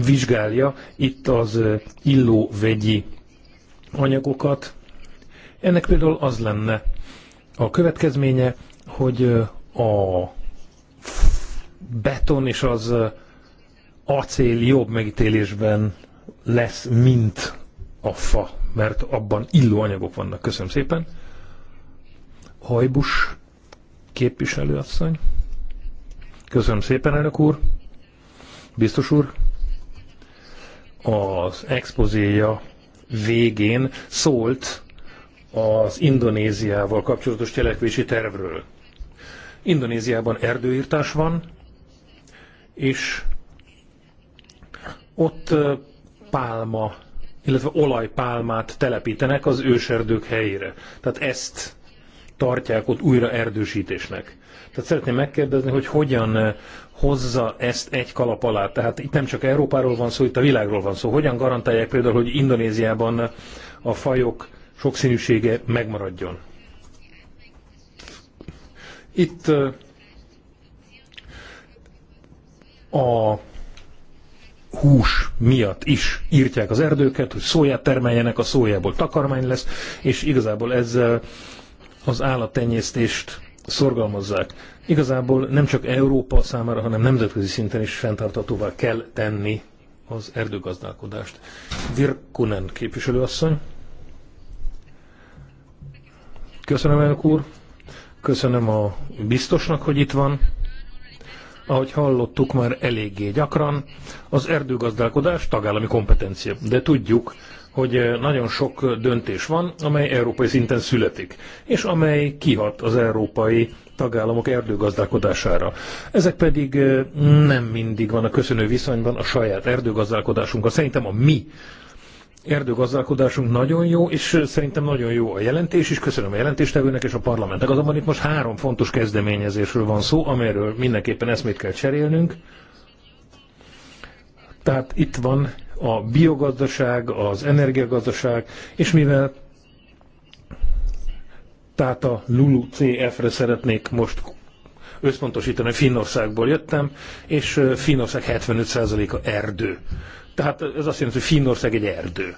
vizsgálja itt az eh, illóvegyi anyagokat. Ennek például az lenne a következménye, hogy a beton és az acél jobb megítélésben lesz, mint a fa mert abban illó anyagok vannak. Köszönöm szépen. Hajbus képviselőasszony. Köszönöm szépen, elnök úr. Biztos úr. Az expozéja végén szólt az Indonéziával kapcsolatos cselekvési tervről. Indonéziában erdőírtás van, és ott pálma illetve olajpálmát telepítenek az őserdők helyére. Tehát ezt tartják ott újra erdősítésnek. Tehát szeretném megkérdezni, hogy hogyan eh, hozza ezt egy kalap alá. Tehát itt nem csak Európáról van szó, itt a világról van szó. Hogyan garantálják például, hogy Indonéziában a fajok sokszínűsége megmaradjon? Itt eh, a hús miatt is írtják az erdőket, hogy szóját termeljenek, a szójából takarmány lesz, és igazából ezzel az állattenyésztést szorgalmazzák. Igazából nem csak Európa számára, hanem nemzetközi szinten is fenntartatóvá kell tenni az erdőgazdálkodást. Virkunen képviselőasszony. Köszönöm, elnök úr. Köszönöm a biztosnak, hogy itt van ahogy hallottuk már eléggé gyakran, az erdőgazdálkodás tagállami kompetencia. De tudjuk, hogy eh, nagyon sok döntés van, amely európai szinten születik, és amely kihat az európai tagállamok erdőgazdálkodására. Ezek pedig eh, nem mindig van a köszönő viszonyban a saját erdőgazdálkodásunkkal. Szerintem a mi erdőgazdálkodásunk nagyon jó, és szerintem nagyon jó a jelentés is. Köszönöm a jelentéstevőnek és a parlamentnek. Azonban itt most három fontos kezdeményezésről van szó, amelyről mindenképpen eszmét kell cserélnünk. Tehát itt van a biogazdaság, az energiagazdaság, és mivel tehát a Lulu CF-re szeretnék most összpontosítani, Finnországból jöttem, és Finnország 75%-a erdő. Tehát ez azt jelenti, hogy Finnország egy erdő.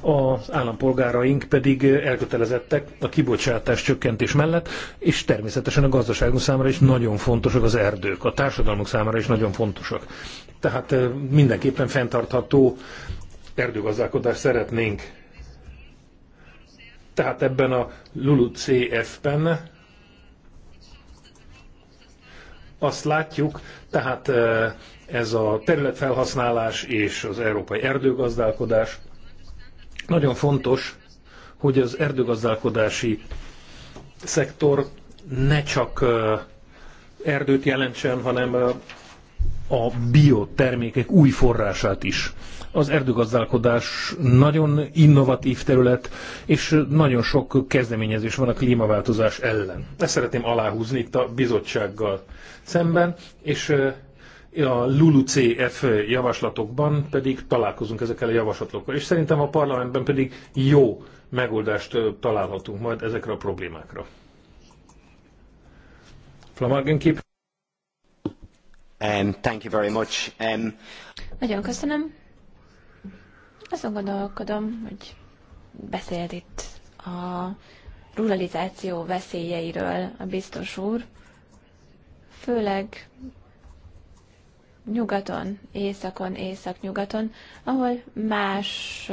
Az állampolgáraink pedig elkötelezettek a kibocsátás csökkentés mellett, és természetesen a gazdaságunk számára is nagyon fontosak az erdők, a társadalmunk számára is nagyon fontosak. Tehát mindenképpen fenntartható erdőgazdálkodást szeretnénk. Tehát ebben a lulucf ben azt látjuk, tehát ez a területfelhasználás és az európai erdőgazdálkodás. Nagyon fontos, hogy az erdőgazdálkodási szektor ne csak erdőt jelentsen, hanem a biotermékek új forrását is. Az erdőgazdálkodás nagyon innovatív terület, és nagyon sok kezdeményezés van a klímaváltozás ellen. Ezt szeretném aláhúzni itt a bizottsággal szemben, és a LULUCF javaslatokban pedig találkozunk ezekkel a javaslatokkal, és szerintem a parlamentben pedig jó megoldást találhatunk majd ezekre a problémákra. Flamagen kép. Um, thank you very much. Um... Nagyon köszönöm. Azon gondolkodom, hogy beszélt itt a ruralizáció veszélyeiről a biztos úr, főleg nyugaton, északon, északnyugaton, ahol más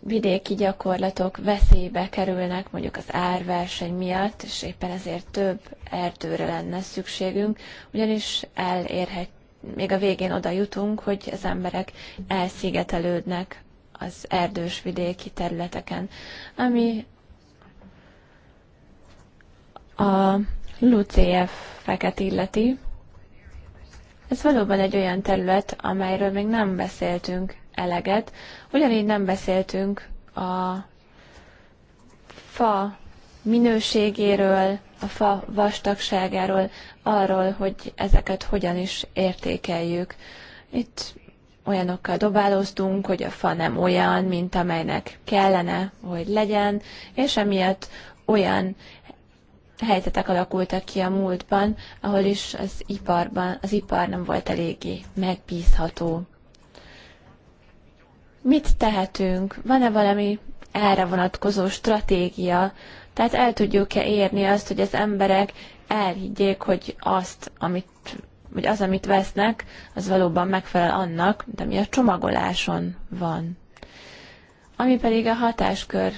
vidéki gyakorlatok veszélybe kerülnek, mondjuk az árverseny miatt, és éppen ezért több erdőre lenne szükségünk, ugyanis elérhet, még a végén oda jutunk, hogy az emberek elszigetelődnek az erdős vidéki területeken, ami a lucf feket illeti, ez valóban egy olyan terület, amelyről még nem beszéltünk eleget, ugyanígy nem beszéltünk a fa minőségéről, a fa vastagságáról, arról, hogy ezeket hogyan is értékeljük. Itt olyanokkal dobálóztunk, hogy a fa nem olyan, mint amelynek kellene, hogy legyen, és emiatt olyan helyzetek alakultak ki a múltban, ahol is az iparban, az ipar nem volt eléggé megbízható. Mit tehetünk? Van-e valami erre vonatkozó stratégia? Tehát el tudjuk-e érni azt, hogy az emberek elhiggyék, hogy azt, amit vagy az, amit vesznek, az valóban megfelel annak, de mi a csomagoláson van. Ami pedig a hatáskör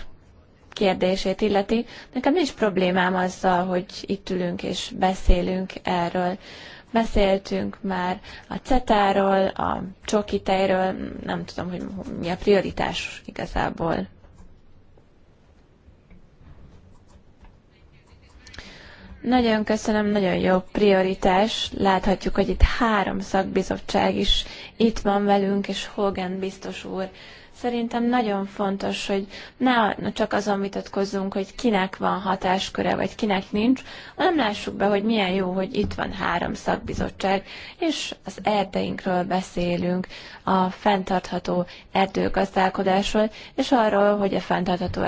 kérdését illeti, nekem nincs problémám azzal, hogy itt ülünk és beszélünk erről. Beszéltünk már a cetáról, a csokitejről, nem tudom, hogy mi a prioritás igazából. Nagyon köszönöm, nagyon jó prioritás. Láthatjuk, hogy itt három szakbizottság is itt van velünk, és Hogan biztos úr Szerintem nagyon fontos, hogy ne csak azon vitatkozzunk, hogy kinek van hatásköre, vagy kinek nincs, hanem lássuk be, hogy milyen jó, hogy itt van három szakbizottság, és az erdeinkről beszélünk, a fenntartható erdőgazdálkodásról, és arról, hogy a fenntartható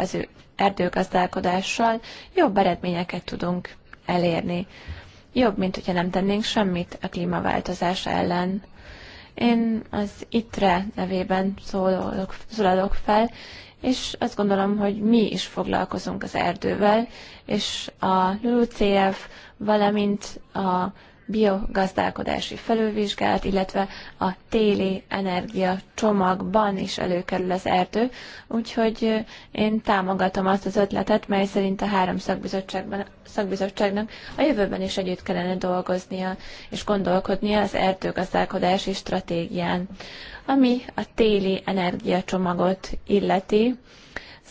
erdőgazdálkodással jobb eredményeket tudunk elérni. Jobb, mint hogyha nem tennénk semmit a klímaváltozás ellen. Én az ITRE nevében szólok, szólalok fel, és azt gondolom, hogy mi is foglalkozunk az erdővel, és a LULUCF, valamint a biogazdálkodási felülvizsgálat, illetve a téli energia csomagban is előkerül az erdő, úgyhogy én támogatom azt az ötletet, mely szerint a három szakbizottságban, szakbizottságnak a jövőben is együtt kellene dolgoznia és gondolkodnia az erdőgazdálkodási stratégián. Ami a téli energiacsomagot illeti,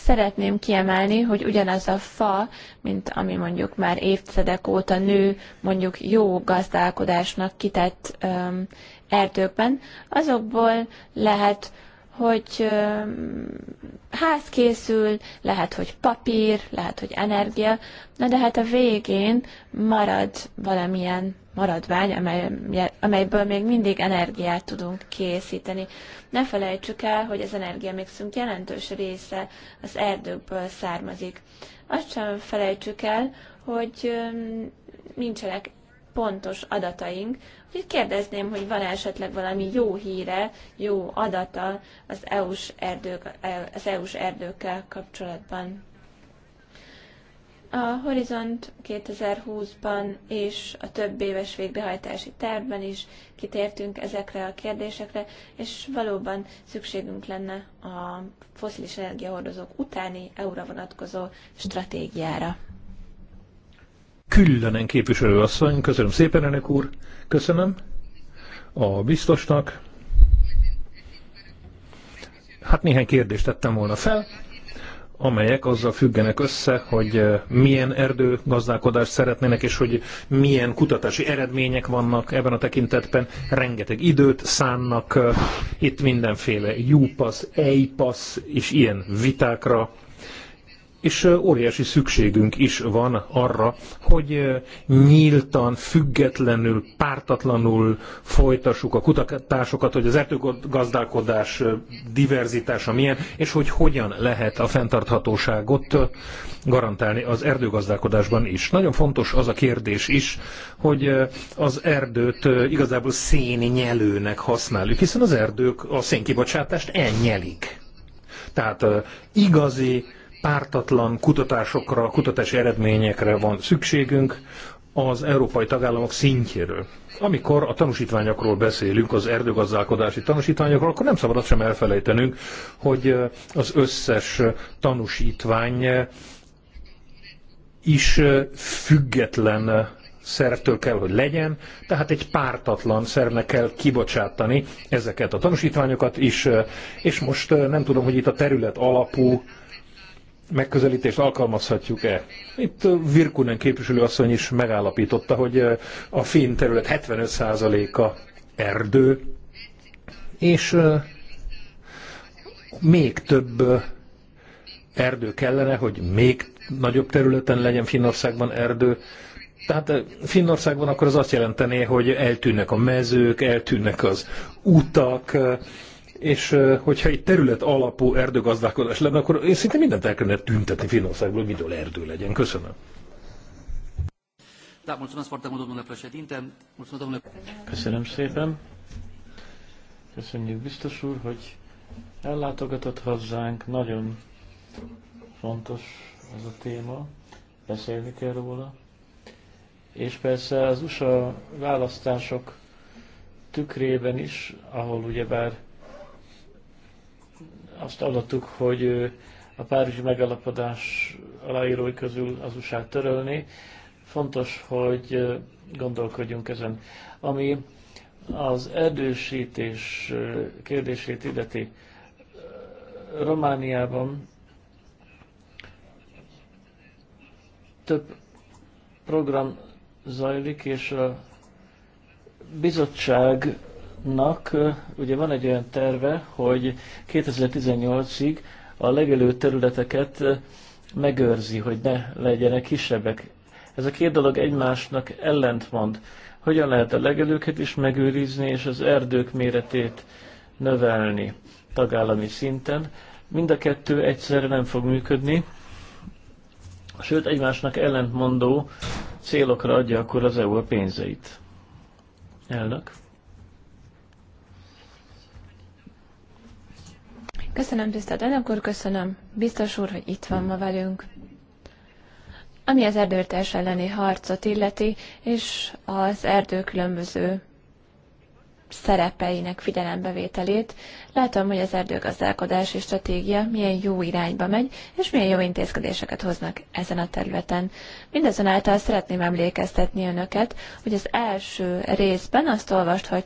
Szeretném kiemelni, hogy ugyanaz a fa, mint ami mondjuk már évtizedek óta nő, mondjuk jó gazdálkodásnak kitett um, erdőkben, azokból lehet hogy ház készül, lehet, hogy papír, lehet, hogy energia, na de hát a végén marad valamilyen maradvány, amely, amelyből még mindig energiát tudunk készíteni. Ne felejtsük el, hogy az energiamixünk jelentős része az erdőkből származik. Azt sem felejtsük el, hogy nincsenek pontos adataink. Úgyhogy kérdezném, hogy van -e esetleg valami jó híre, jó adata az EU-s, erdők, az EU-s erdőkkel kapcsolatban. A Horizont 2020-ban és a több éves végrehajtási tervben is kitértünk ezekre a kérdésekre, és valóban szükségünk lenne a foszilis energiahordozók utáni EU-ra vonatkozó stratégiára képviselő asszony, köszönöm szépen, Önök úr, köszönöm a biztosnak. Hát néhány kérdést tettem volna fel, amelyek azzal függenek össze, hogy eh, milyen erdőgazdálkodást szeretnének, és hogy milyen kutatási eredmények vannak ebben a tekintetben. Rengeteg időt szánnak eh, itt mindenféle júpasz, ejpasz és ilyen vitákra és óriási szükségünk is van arra, hogy nyíltan, függetlenül, pártatlanul folytassuk a kutatásokat, hogy az erdőgazdálkodás diverzitása milyen, és hogy hogyan lehet a fenntarthatóságot garantálni az erdőgazdálkodásban is. Nagyon fontos az a kérdés is, hogy az erdőt igazából szénnyelőnek használjuk, hiszen az erdők a szénkibocsátást elnyelik. Tehát igazi pártatlan kutatásokra, kutatási eredményekre van szükségünk az európai tagállamok szintjéről. Amikor a tanúsítványokról beszélünk, az erdőgazdálkodási tanúsítványokról, akkor nem szabad azt sem elfelejtenünk, hogy eh, az összes tanúsítvány eh, is eh, független szervtől kell, hogy legyen, tehát egy pártatlan szervnek kell kibocsátani ezeket a tanúsítványokat is, és most nem tudom, hogy itt a terület alapú megközelítést alkalmazhatjuk-e. Itt uh, Virkunen asszony is megállapította, hogy uh, a finn terület 75%-a erdő, és uh, még több erdő kellene, hogy még nagyobb területen legyen Finnországban erdő. Tehát Finnországban akkor az azt jelentené, hogy eltűnnek a mezők, eltűnnek az utak, és hogyha egy terület alapú erdőgazdálkodás lenne, akkor én szinte mindent el kellene tüntetni Finországból, hogy mitől erdő legyen. Köszönöm. Köszönöm szépen. Köszönjük biztos úr, hogy ellátogatott hozzánk. Nagyon fontos ez a téma. Beszélni kell róla. És persze az USA választások tükrében is, ahol ugyebár azt adottuk, hogy a Párizsi megalapodás aláírói közül az usa törölni. Fontos, hogy gondolkodjunk ezen. Ami az erdősítés kérdését illeti, Romániában több program zajlik, és a bizottság Nak ugye van egy olyan terve, hogy 2018-ig a legelő területeket megőrzi, hogy ne legyenek kisebbek. Ez a két dolog egymásnak ellentmond. Hogyan lehet a legelőket is megőrizni, és az erdők méretét növelni tagállami szinten. Mind a kettő egyszerre nem fog működni, sőt egymásnak ellentmondó célokra adja akkor az EU a pénzeit. Elnök. Köszönöm, tisztelt elnök úr, köszönöm, biztos úr, hogy itt van ma velünk. Ami az erdőrtes elleni harcot illeti, és az erdő különböző szerepeinek figyelembevételét, látom, hogy az erdőgazdálkodási stratégia milyen jó irányba megy, és milyen jó intézkedéseket hoznak ezen a területen. Mindazonáltal szeretném emlékeztetni önöket, hogy az első részben azt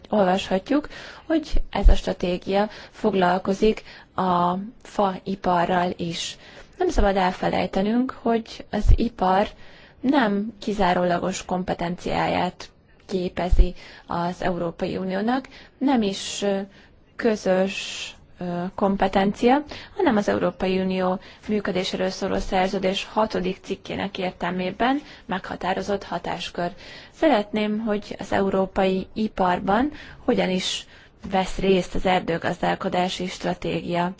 olvashatjuk, hogy ez a stratégia foglalkozik a faiparral is. Nem szabad elfelejtenünk, hogy az ipar nem kizárólagos kompetenciáját képezi az Európai Uniónak, nem is közös kompetencia, hanem az Európai Unió működéséről szóló szerződés hatodik cikkének értelmében meghatározott hatáskör. Szeretném, hogy az európai iparban hogyan is vesz részt az erdőgazdálkodási stratégia.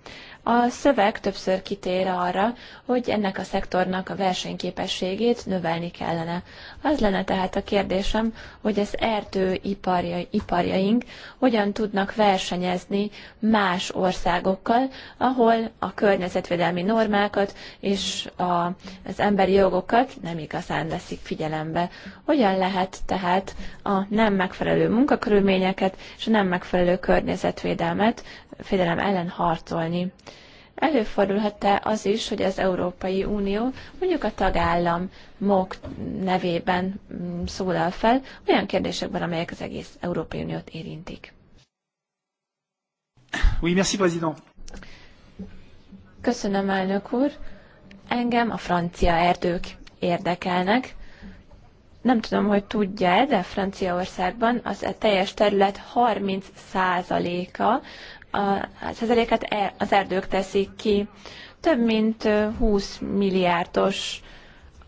A szöveg többször kitér arra, hogy ennek a szektornak a versenyképességét növelni kellene. Az lenne tehát a kérdésem, hogy az erdő iparjaink hogyan tudnak versenyezni más országokkal, ahol a környezetvédelmi normákat és a, az emberi jogokat nem igazán veszik figyelembe. Hogyan lehet tehát a nem megfelelő munkakörülményeket és a nem megfelelő környezetvédelmet félelem ellen harcolni. Előfordulhat-e az is, hogy az Európai Unió mondjuk a tagállam MOK nevében mm, szólal fel olyan kérdésekben, amelyek az egész Európai Uniót érintik? Oui, merci, président. Köszönöm, elnök úr. Engem a francia erdők érdekelnek. Nem tudom, hogy tudja, de Franciaországban az a teljes terület 30%-a a százalékát e, az erdők teszik ki. Több mint 20 milliárdos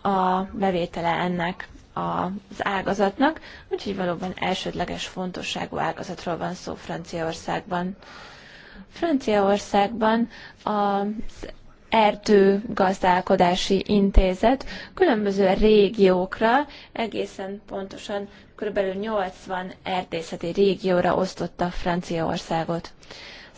a bevétele ennek az ágazatnak, úgyhogy valóban elsődleges fontosságú ágazatról van szó Franciaországban. Franciaországban az erdőgazdálkodási gazdálkodási intézet különböző régiókra, egészen pontosan kb. 80 erdészeti régióra osztotta Franciaországot.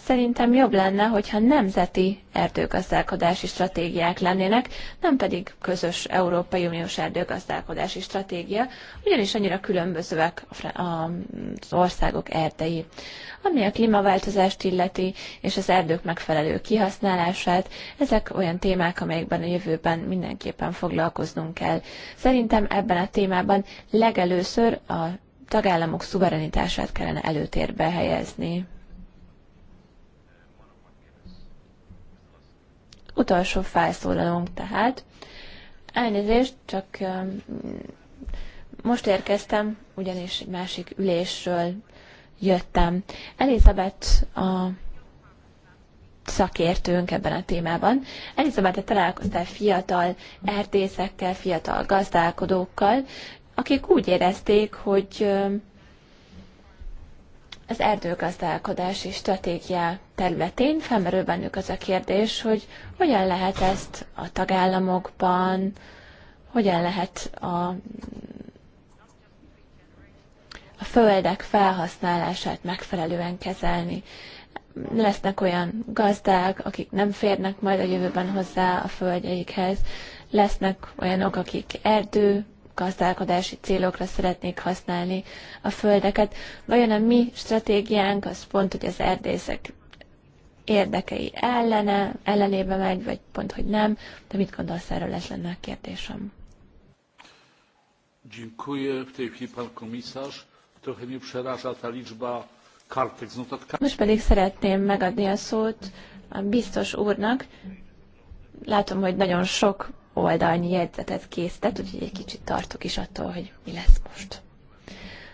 Szerintem jobb lenne, hogyha nemzeti erdőgazdálkodási stratégiák lennének, nem pedig közös Európai Uniós erdőgazdálkodási stratégia, ugyanis annyira különbözőek az országok erdei. Ami a klímaváltozást illeti, és az erdők megfelelő kihasználását, ezek olyan témák, amelyekben a jövőben mindenképpen foglalkoznunk kell. Szerintem ebben a témában legelőször a tagállamok szuverenitását kellene előtérbe helyezni. utolsó felszólalom tehát. Elnézést, csak um, most érkeztem, ugyanis egy másik ülésről jöttem. Elizabeth a szakértőnk ebben a témában. Elizabeth, találkoztál fiatal erdészekkel, fiatal gazdálkodókkal, akik úgy érezték, hogy um, az erdőgazdálkodási stratégia területén felmerül bennük az a kérdés, hogy hogyan lehet ezt a tagállamokban, hogyan lehet a, a földek felhasználását megfelelően kezelni. Lesznek olyan gazdák, akik nem férnek majd a jövőben hozzá a földjeikhez, lesznek olyanok, akik erdő gazdálkodási célokra szeretnék használni a földeket. Vajon a mi stratégiánk az pont, hogy az erdészek érdekei ellene, ellenébe megy, vagy pont, hogy nem, de mit gondolsz erről, ez lenne a kérdésem. Dziękuję. W tej chwili pan komisarz. Trochę mnie przeraża ta liczba kartek z notatkami. Most pedig szeretném megadni a szót a biztos úrnak. Látom, hogy nagyon sok oldalnyi jegyzetet készített, úgyhogy egy kicsit tartok is attól, hogy mi lesz most.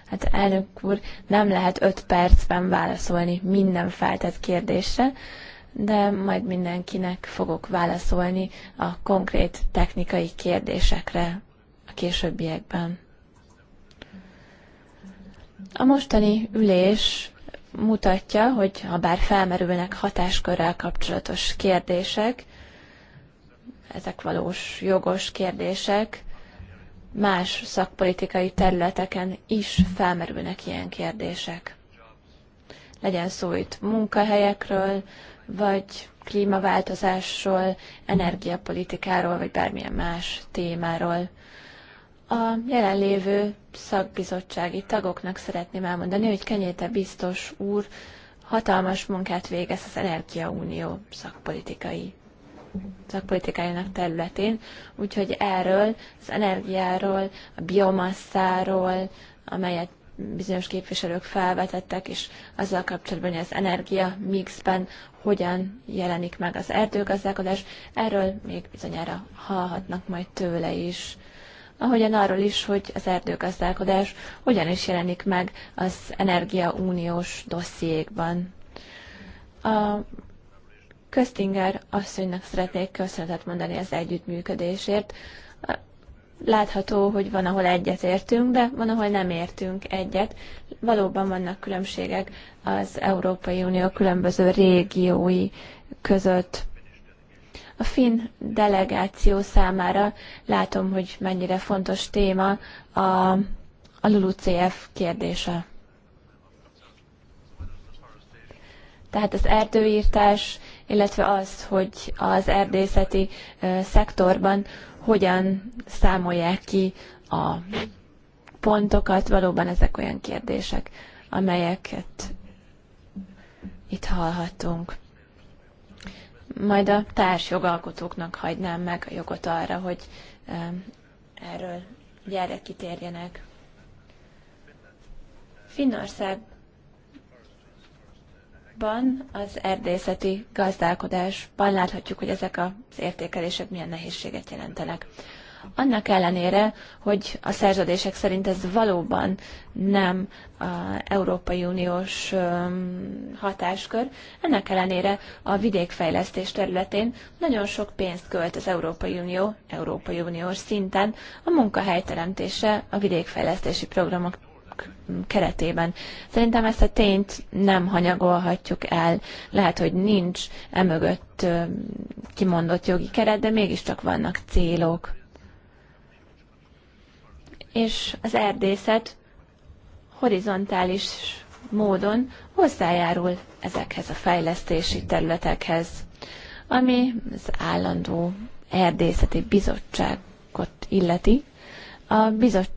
Hát elnök úr, nem lehet öt percben válaszolni minden feltett kérdésre, de majd mindenkinek fogok válaszolni a konkrét technikai kérdésekre a későbbiekben. A mostani ülés mutatja, hogy ha bár felmerülnek hatáskörrel kapcsolatos kérdések, ezek valós, jogos kérdések. Más szakpolitikai területeken is felmerülnek ilyen kérdések. Legyen szó itt munkahelyekről, vagy klímaváltozásról, energiapolitikáról, vagy bármilyen más témáról. A jelenlévő szakbizottsági tagoknak szeretném elmondani, hogy Kenyéte biztos úr hatalmas munkát végez az Energiaunió szakpolitikai szakpolitikájának területén, úgyhogy erről, az energiáról, a biomasszáról, amelyet bizonyos képviselők felvetettek, és azzal kapcsolatban, hogy az energia mixben hogyan jelenik meg az erdőgazdálkodás, erről még bizonyára hallhatnak majd tőle is. Ahogyan arról is, hogy az erdőgazdálkodás hogyan is jelenik meg az energiauniós dossziékban. A Köztinger asszonynak szeretnék köszönetet mondani az együttműködésért. Látható, hogy van, ahol egyet értünk, de van, ahol nem értünk egyet. Valóban vannak különbségek az Európai Unió különböző régiói között. A finn delegáció számára látom, hogy mennyire fontos téma a, a LULUCF kérdése. Tehát az erdőírtás, illetve azt, hogy az erdészeti szektorban hogyan számolják ki a pontokat, valóban ezek olyan kérdések, amelyeket itt hallhattunk. Majd a társjogalkotóknak hagynám meg a jogot arra, hogy erről gyerek kitérjenek. Finnország Ban az erdészeti gazdálkodásban láthatjuk, hogy ezek az értékelések milyen nehézséget jelentenek. Annak ellenére, hogy a szerződések szerint ez valóban nem a Európai Uniós hatáskör, ennek ellenére a vidékfejlesztés területén nagyon sok pénzt költ az Európai Unió, Európai Uniós szinten a munkahelyteremtése a vidékfejlesztési programok keretében. Szerintem ezt a tényt nem hanyagolhatjuk el. Lehet, hogy nincs emögött kimondott jogi keret, de mégiscsak vannak célok. És az erdészet horizontális módon hozzájárul ezekhez a fejlesztési területekhez, ami az állandó erdészeti bizottságot illeti. A bizottság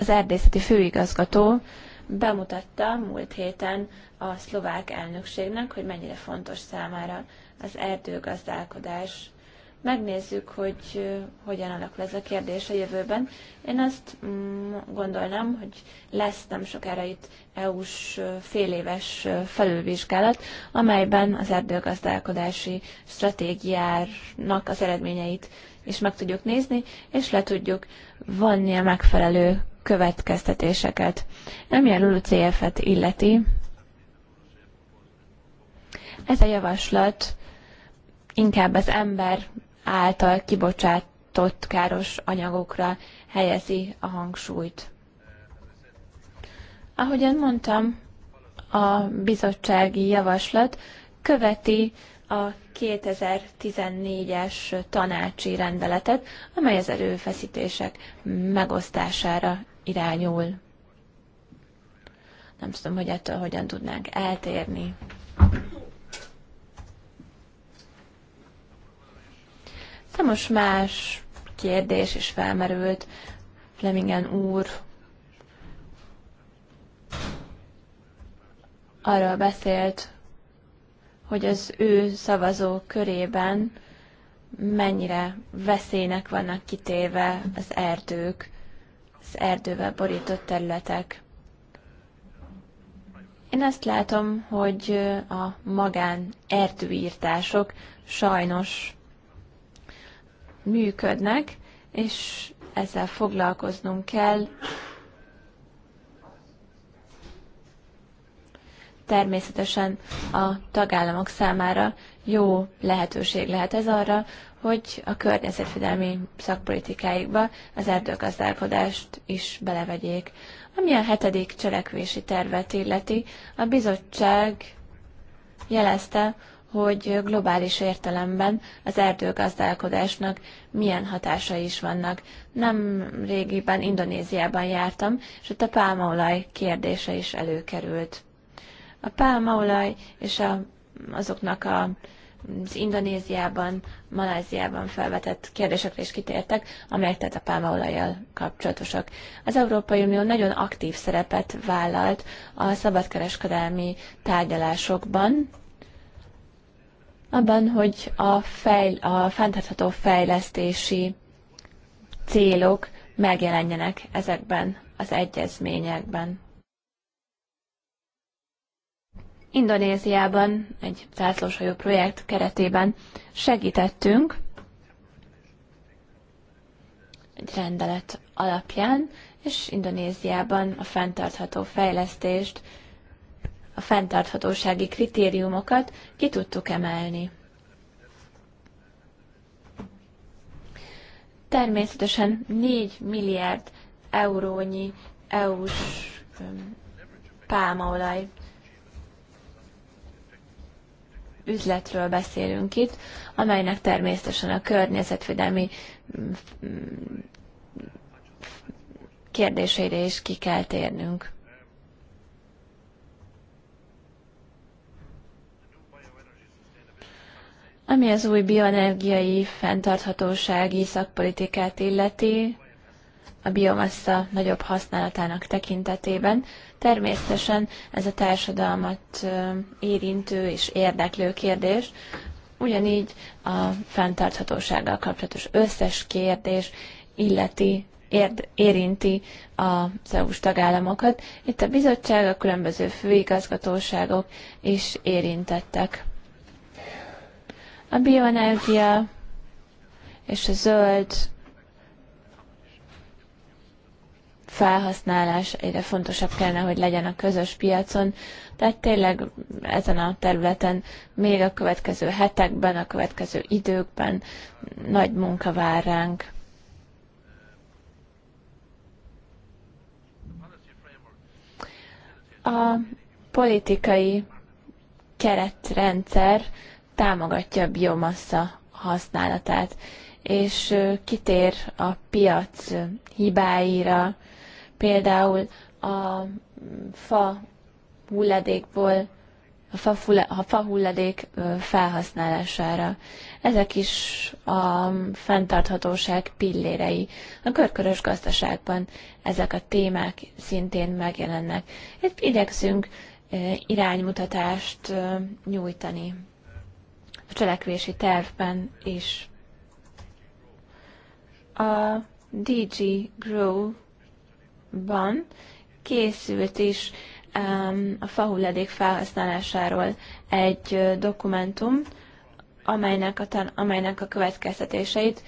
az erdészeti főigazgató bemutatta múlt héten a szlovák elnökségnek, hogy mennyire fontos számára az erdőgazdálkodás. Megnézzük, hogy hogyan alakul ez a kérdés a jövőben. Én azt mm, gondolnám, hogy lesz nem sokára itt EU-s féléves felülvizsgálat, amelyben az erdőgazdálkodási stratégiának az eredményeit és meg tudjuk nézni, és le tudjuk vonni a megfelelő következtetéseket. nem jelölő cf et illeti, ez a javaslat inkább az ember által kibocsátott káros anyagokra helyezi a hangsúlyt. Ahogyan mondtam, a bizottsági javaslat követi a 2014-es tanácsi rendeletet, amely az erőfeszítések megosztására irányul. Nem tudom, hogy ettől hogyan tudnánk eltérni. Számos más kérdés is felmerült. Flemingen úr arról beszélt, hogy az ő szavazó körében mennyire veszélynek vannak kitéve az erdők, az erdővel borított területek. Én azt látom, hogy a magán erdőírtások sajnos működnek, és ezzel foglalkoznunk kell. Természetesen a tagállamok számára jó lehetőség lehet ez arra, hogy a környezetvédelmi szakpolitikáikba az erdőgazdálkodást is belevegyék. Ami a hetedik cselekvési tervet illeti, a bizottság jelezte, hogy globális értelemben az erdőgazdálkodásnak milyen hatásai is vannak. Nem régiben Indonéziában jártam, és ott a pálmaolaj kérdése is előkerült. A pálmaolaj és a, azoknak a az Indonéziában, Maláziában felvetett kérdésekre is kitértek, amelyek tehát a pálmaolajjal kapcsolatosak. Az Európai Unió nagyon aktív szerepet vállalt a szabadkereskedelmi tárgyalásokban, abban, hogy a, fejl, a fenntartható fejlesztési célok megjelenjenek ezekben az egyezményekben. Indonéziában egy zászlóshajó projekt keretében segítettünk egy rendelet alapján, és Indonéziában a fenntartható fejlesztést, a fenntarthatósági kritériumokat ki tudtuk emelni. Természetesen 4 milliárd eurónyi EU-s pálmaolaj üzletről beszélünk itt, amelynek természetesen a környezetvédelmi mm, mm, kérdéseire is ki kell térnünk. Ami az új bioenergiai fenntarthatósági szakpolitikát illeti, a biomassa nagyobb használatának tekintetében. Természetesen ez a társadalmat érintő és érdeklő kérdés, ugyanígy a fenntarthatósággal kapcsolatos összes kérdés illeti érd, érinti az EU-s tagállamokat. Itt a bizottság, a különböző főigazgatóságok is érintettek. A bioenergia és a zöld felhasználás egyre fontosabb kellene, hogy legyen a közös piacon. Tehát tényleg ezen a területen még a következő hetekben, a következő időkben nagy munka vár ránk. A politikai keretrendszer támogatja a biomassa használatát, és kitér a piac hibáira, például a fa hulladékból, a fa, fula, a fa hulladék felhasználására. Ezek is a fenntarthatóság pillérei. A körkörös gazdaságban ezek a témák szintén megjelennek. Itt igyekszünk iránymutatást nyújtani a cselekvési tervben is. A DG Grow 2016-ban készült is a fahulladék felhasználásáról egy dokumentum, amelynek a, tan- amelynek a következtetéseit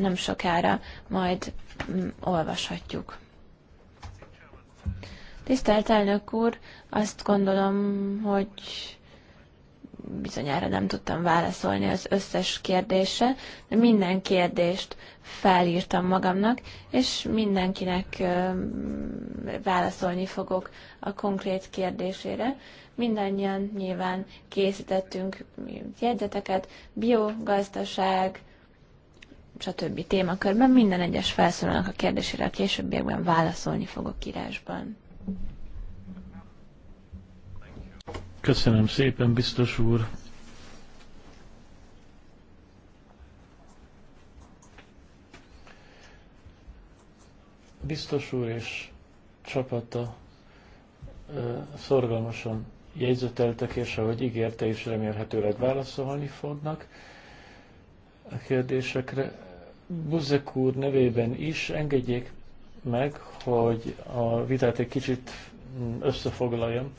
nem sokára majd olvashatjuk. Tisztelt elnök úr, azt gondolom, hogy bizonyára nem tudtam válaszolni az összes kérdése, de minden kérdést felírtam magamnak, és mindenkinek válaszolni fogok a konkrét kérdésére. Mindannyian nyilván készítettünk jegyzeteket, biogazdaság, stb. témakörben minden egyes felszólalnak a kérdésére a későbbiekben válaszolni fogok írásban. Köszönöm szépen, biztos úr. Biztos úr és csapata szorgalmasan jegyzeteltek, és ahogy ígérte is remélhetőleg válaszolni fognak a kérdésekre. Buzek úr nevében is engedjék meg, hogy a vitát egy kicsit mm, összefoglaljam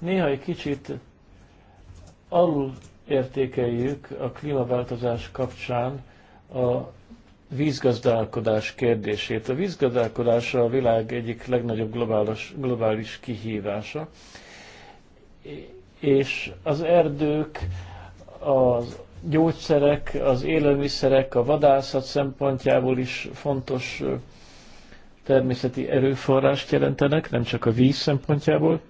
Néha egy kicsit alul értékeljük a klímaváltozás kapcsán a vízgazdálkodás kérdését. A vízgazdálkodás a világ egyik legnagyobb globális, globális kihívása, és az erdők, a gyógyszerek, az élelmiszerek, a vadászat szempontjából is fontos természeti erőforrást jelentenek, nem csak a víz szempontjából.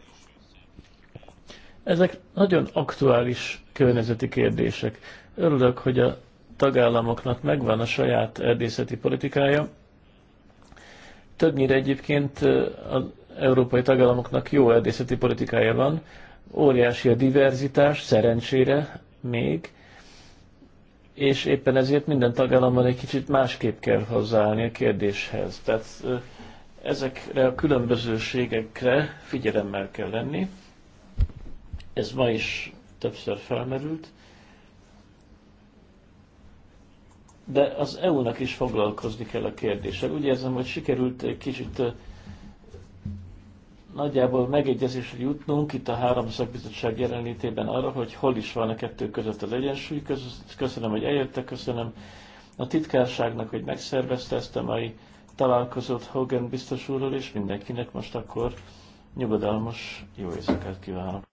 Ezek nagyon aktuális környezeti kérdések. Örülök, hogy a tagállamoknak megvan a saját erdészeti politikája. Többnyire egyébként az európai tagállamoknak jó erdészeti politikája van. Óriási a diverzitás, szerencsére még, és éppen ezért minden tagállamban egy kicsit másképp kell hozzáállni a kérdéshez. Tehát ezekre a különbözőségekre figyelemmel kell lenni ez ma is többször felmerült, de az EU-nak is foglalkozni kell a kérdéssel. Úgy érzem, hogy sikerült egy kicsit nagyjából megegyezésre jutnunk itt a három szakbizottság jelenlétében arra, hogy hol is van a kettő között az egyensúly. Köszönöm, hogy eljöttek, köszönöm a titkárságnak, hogy megszervezte ezt a mai találkozót Hogan biztos úrral, és mindenkinek most akkor nyugodalmas jó éjszakát kívánok.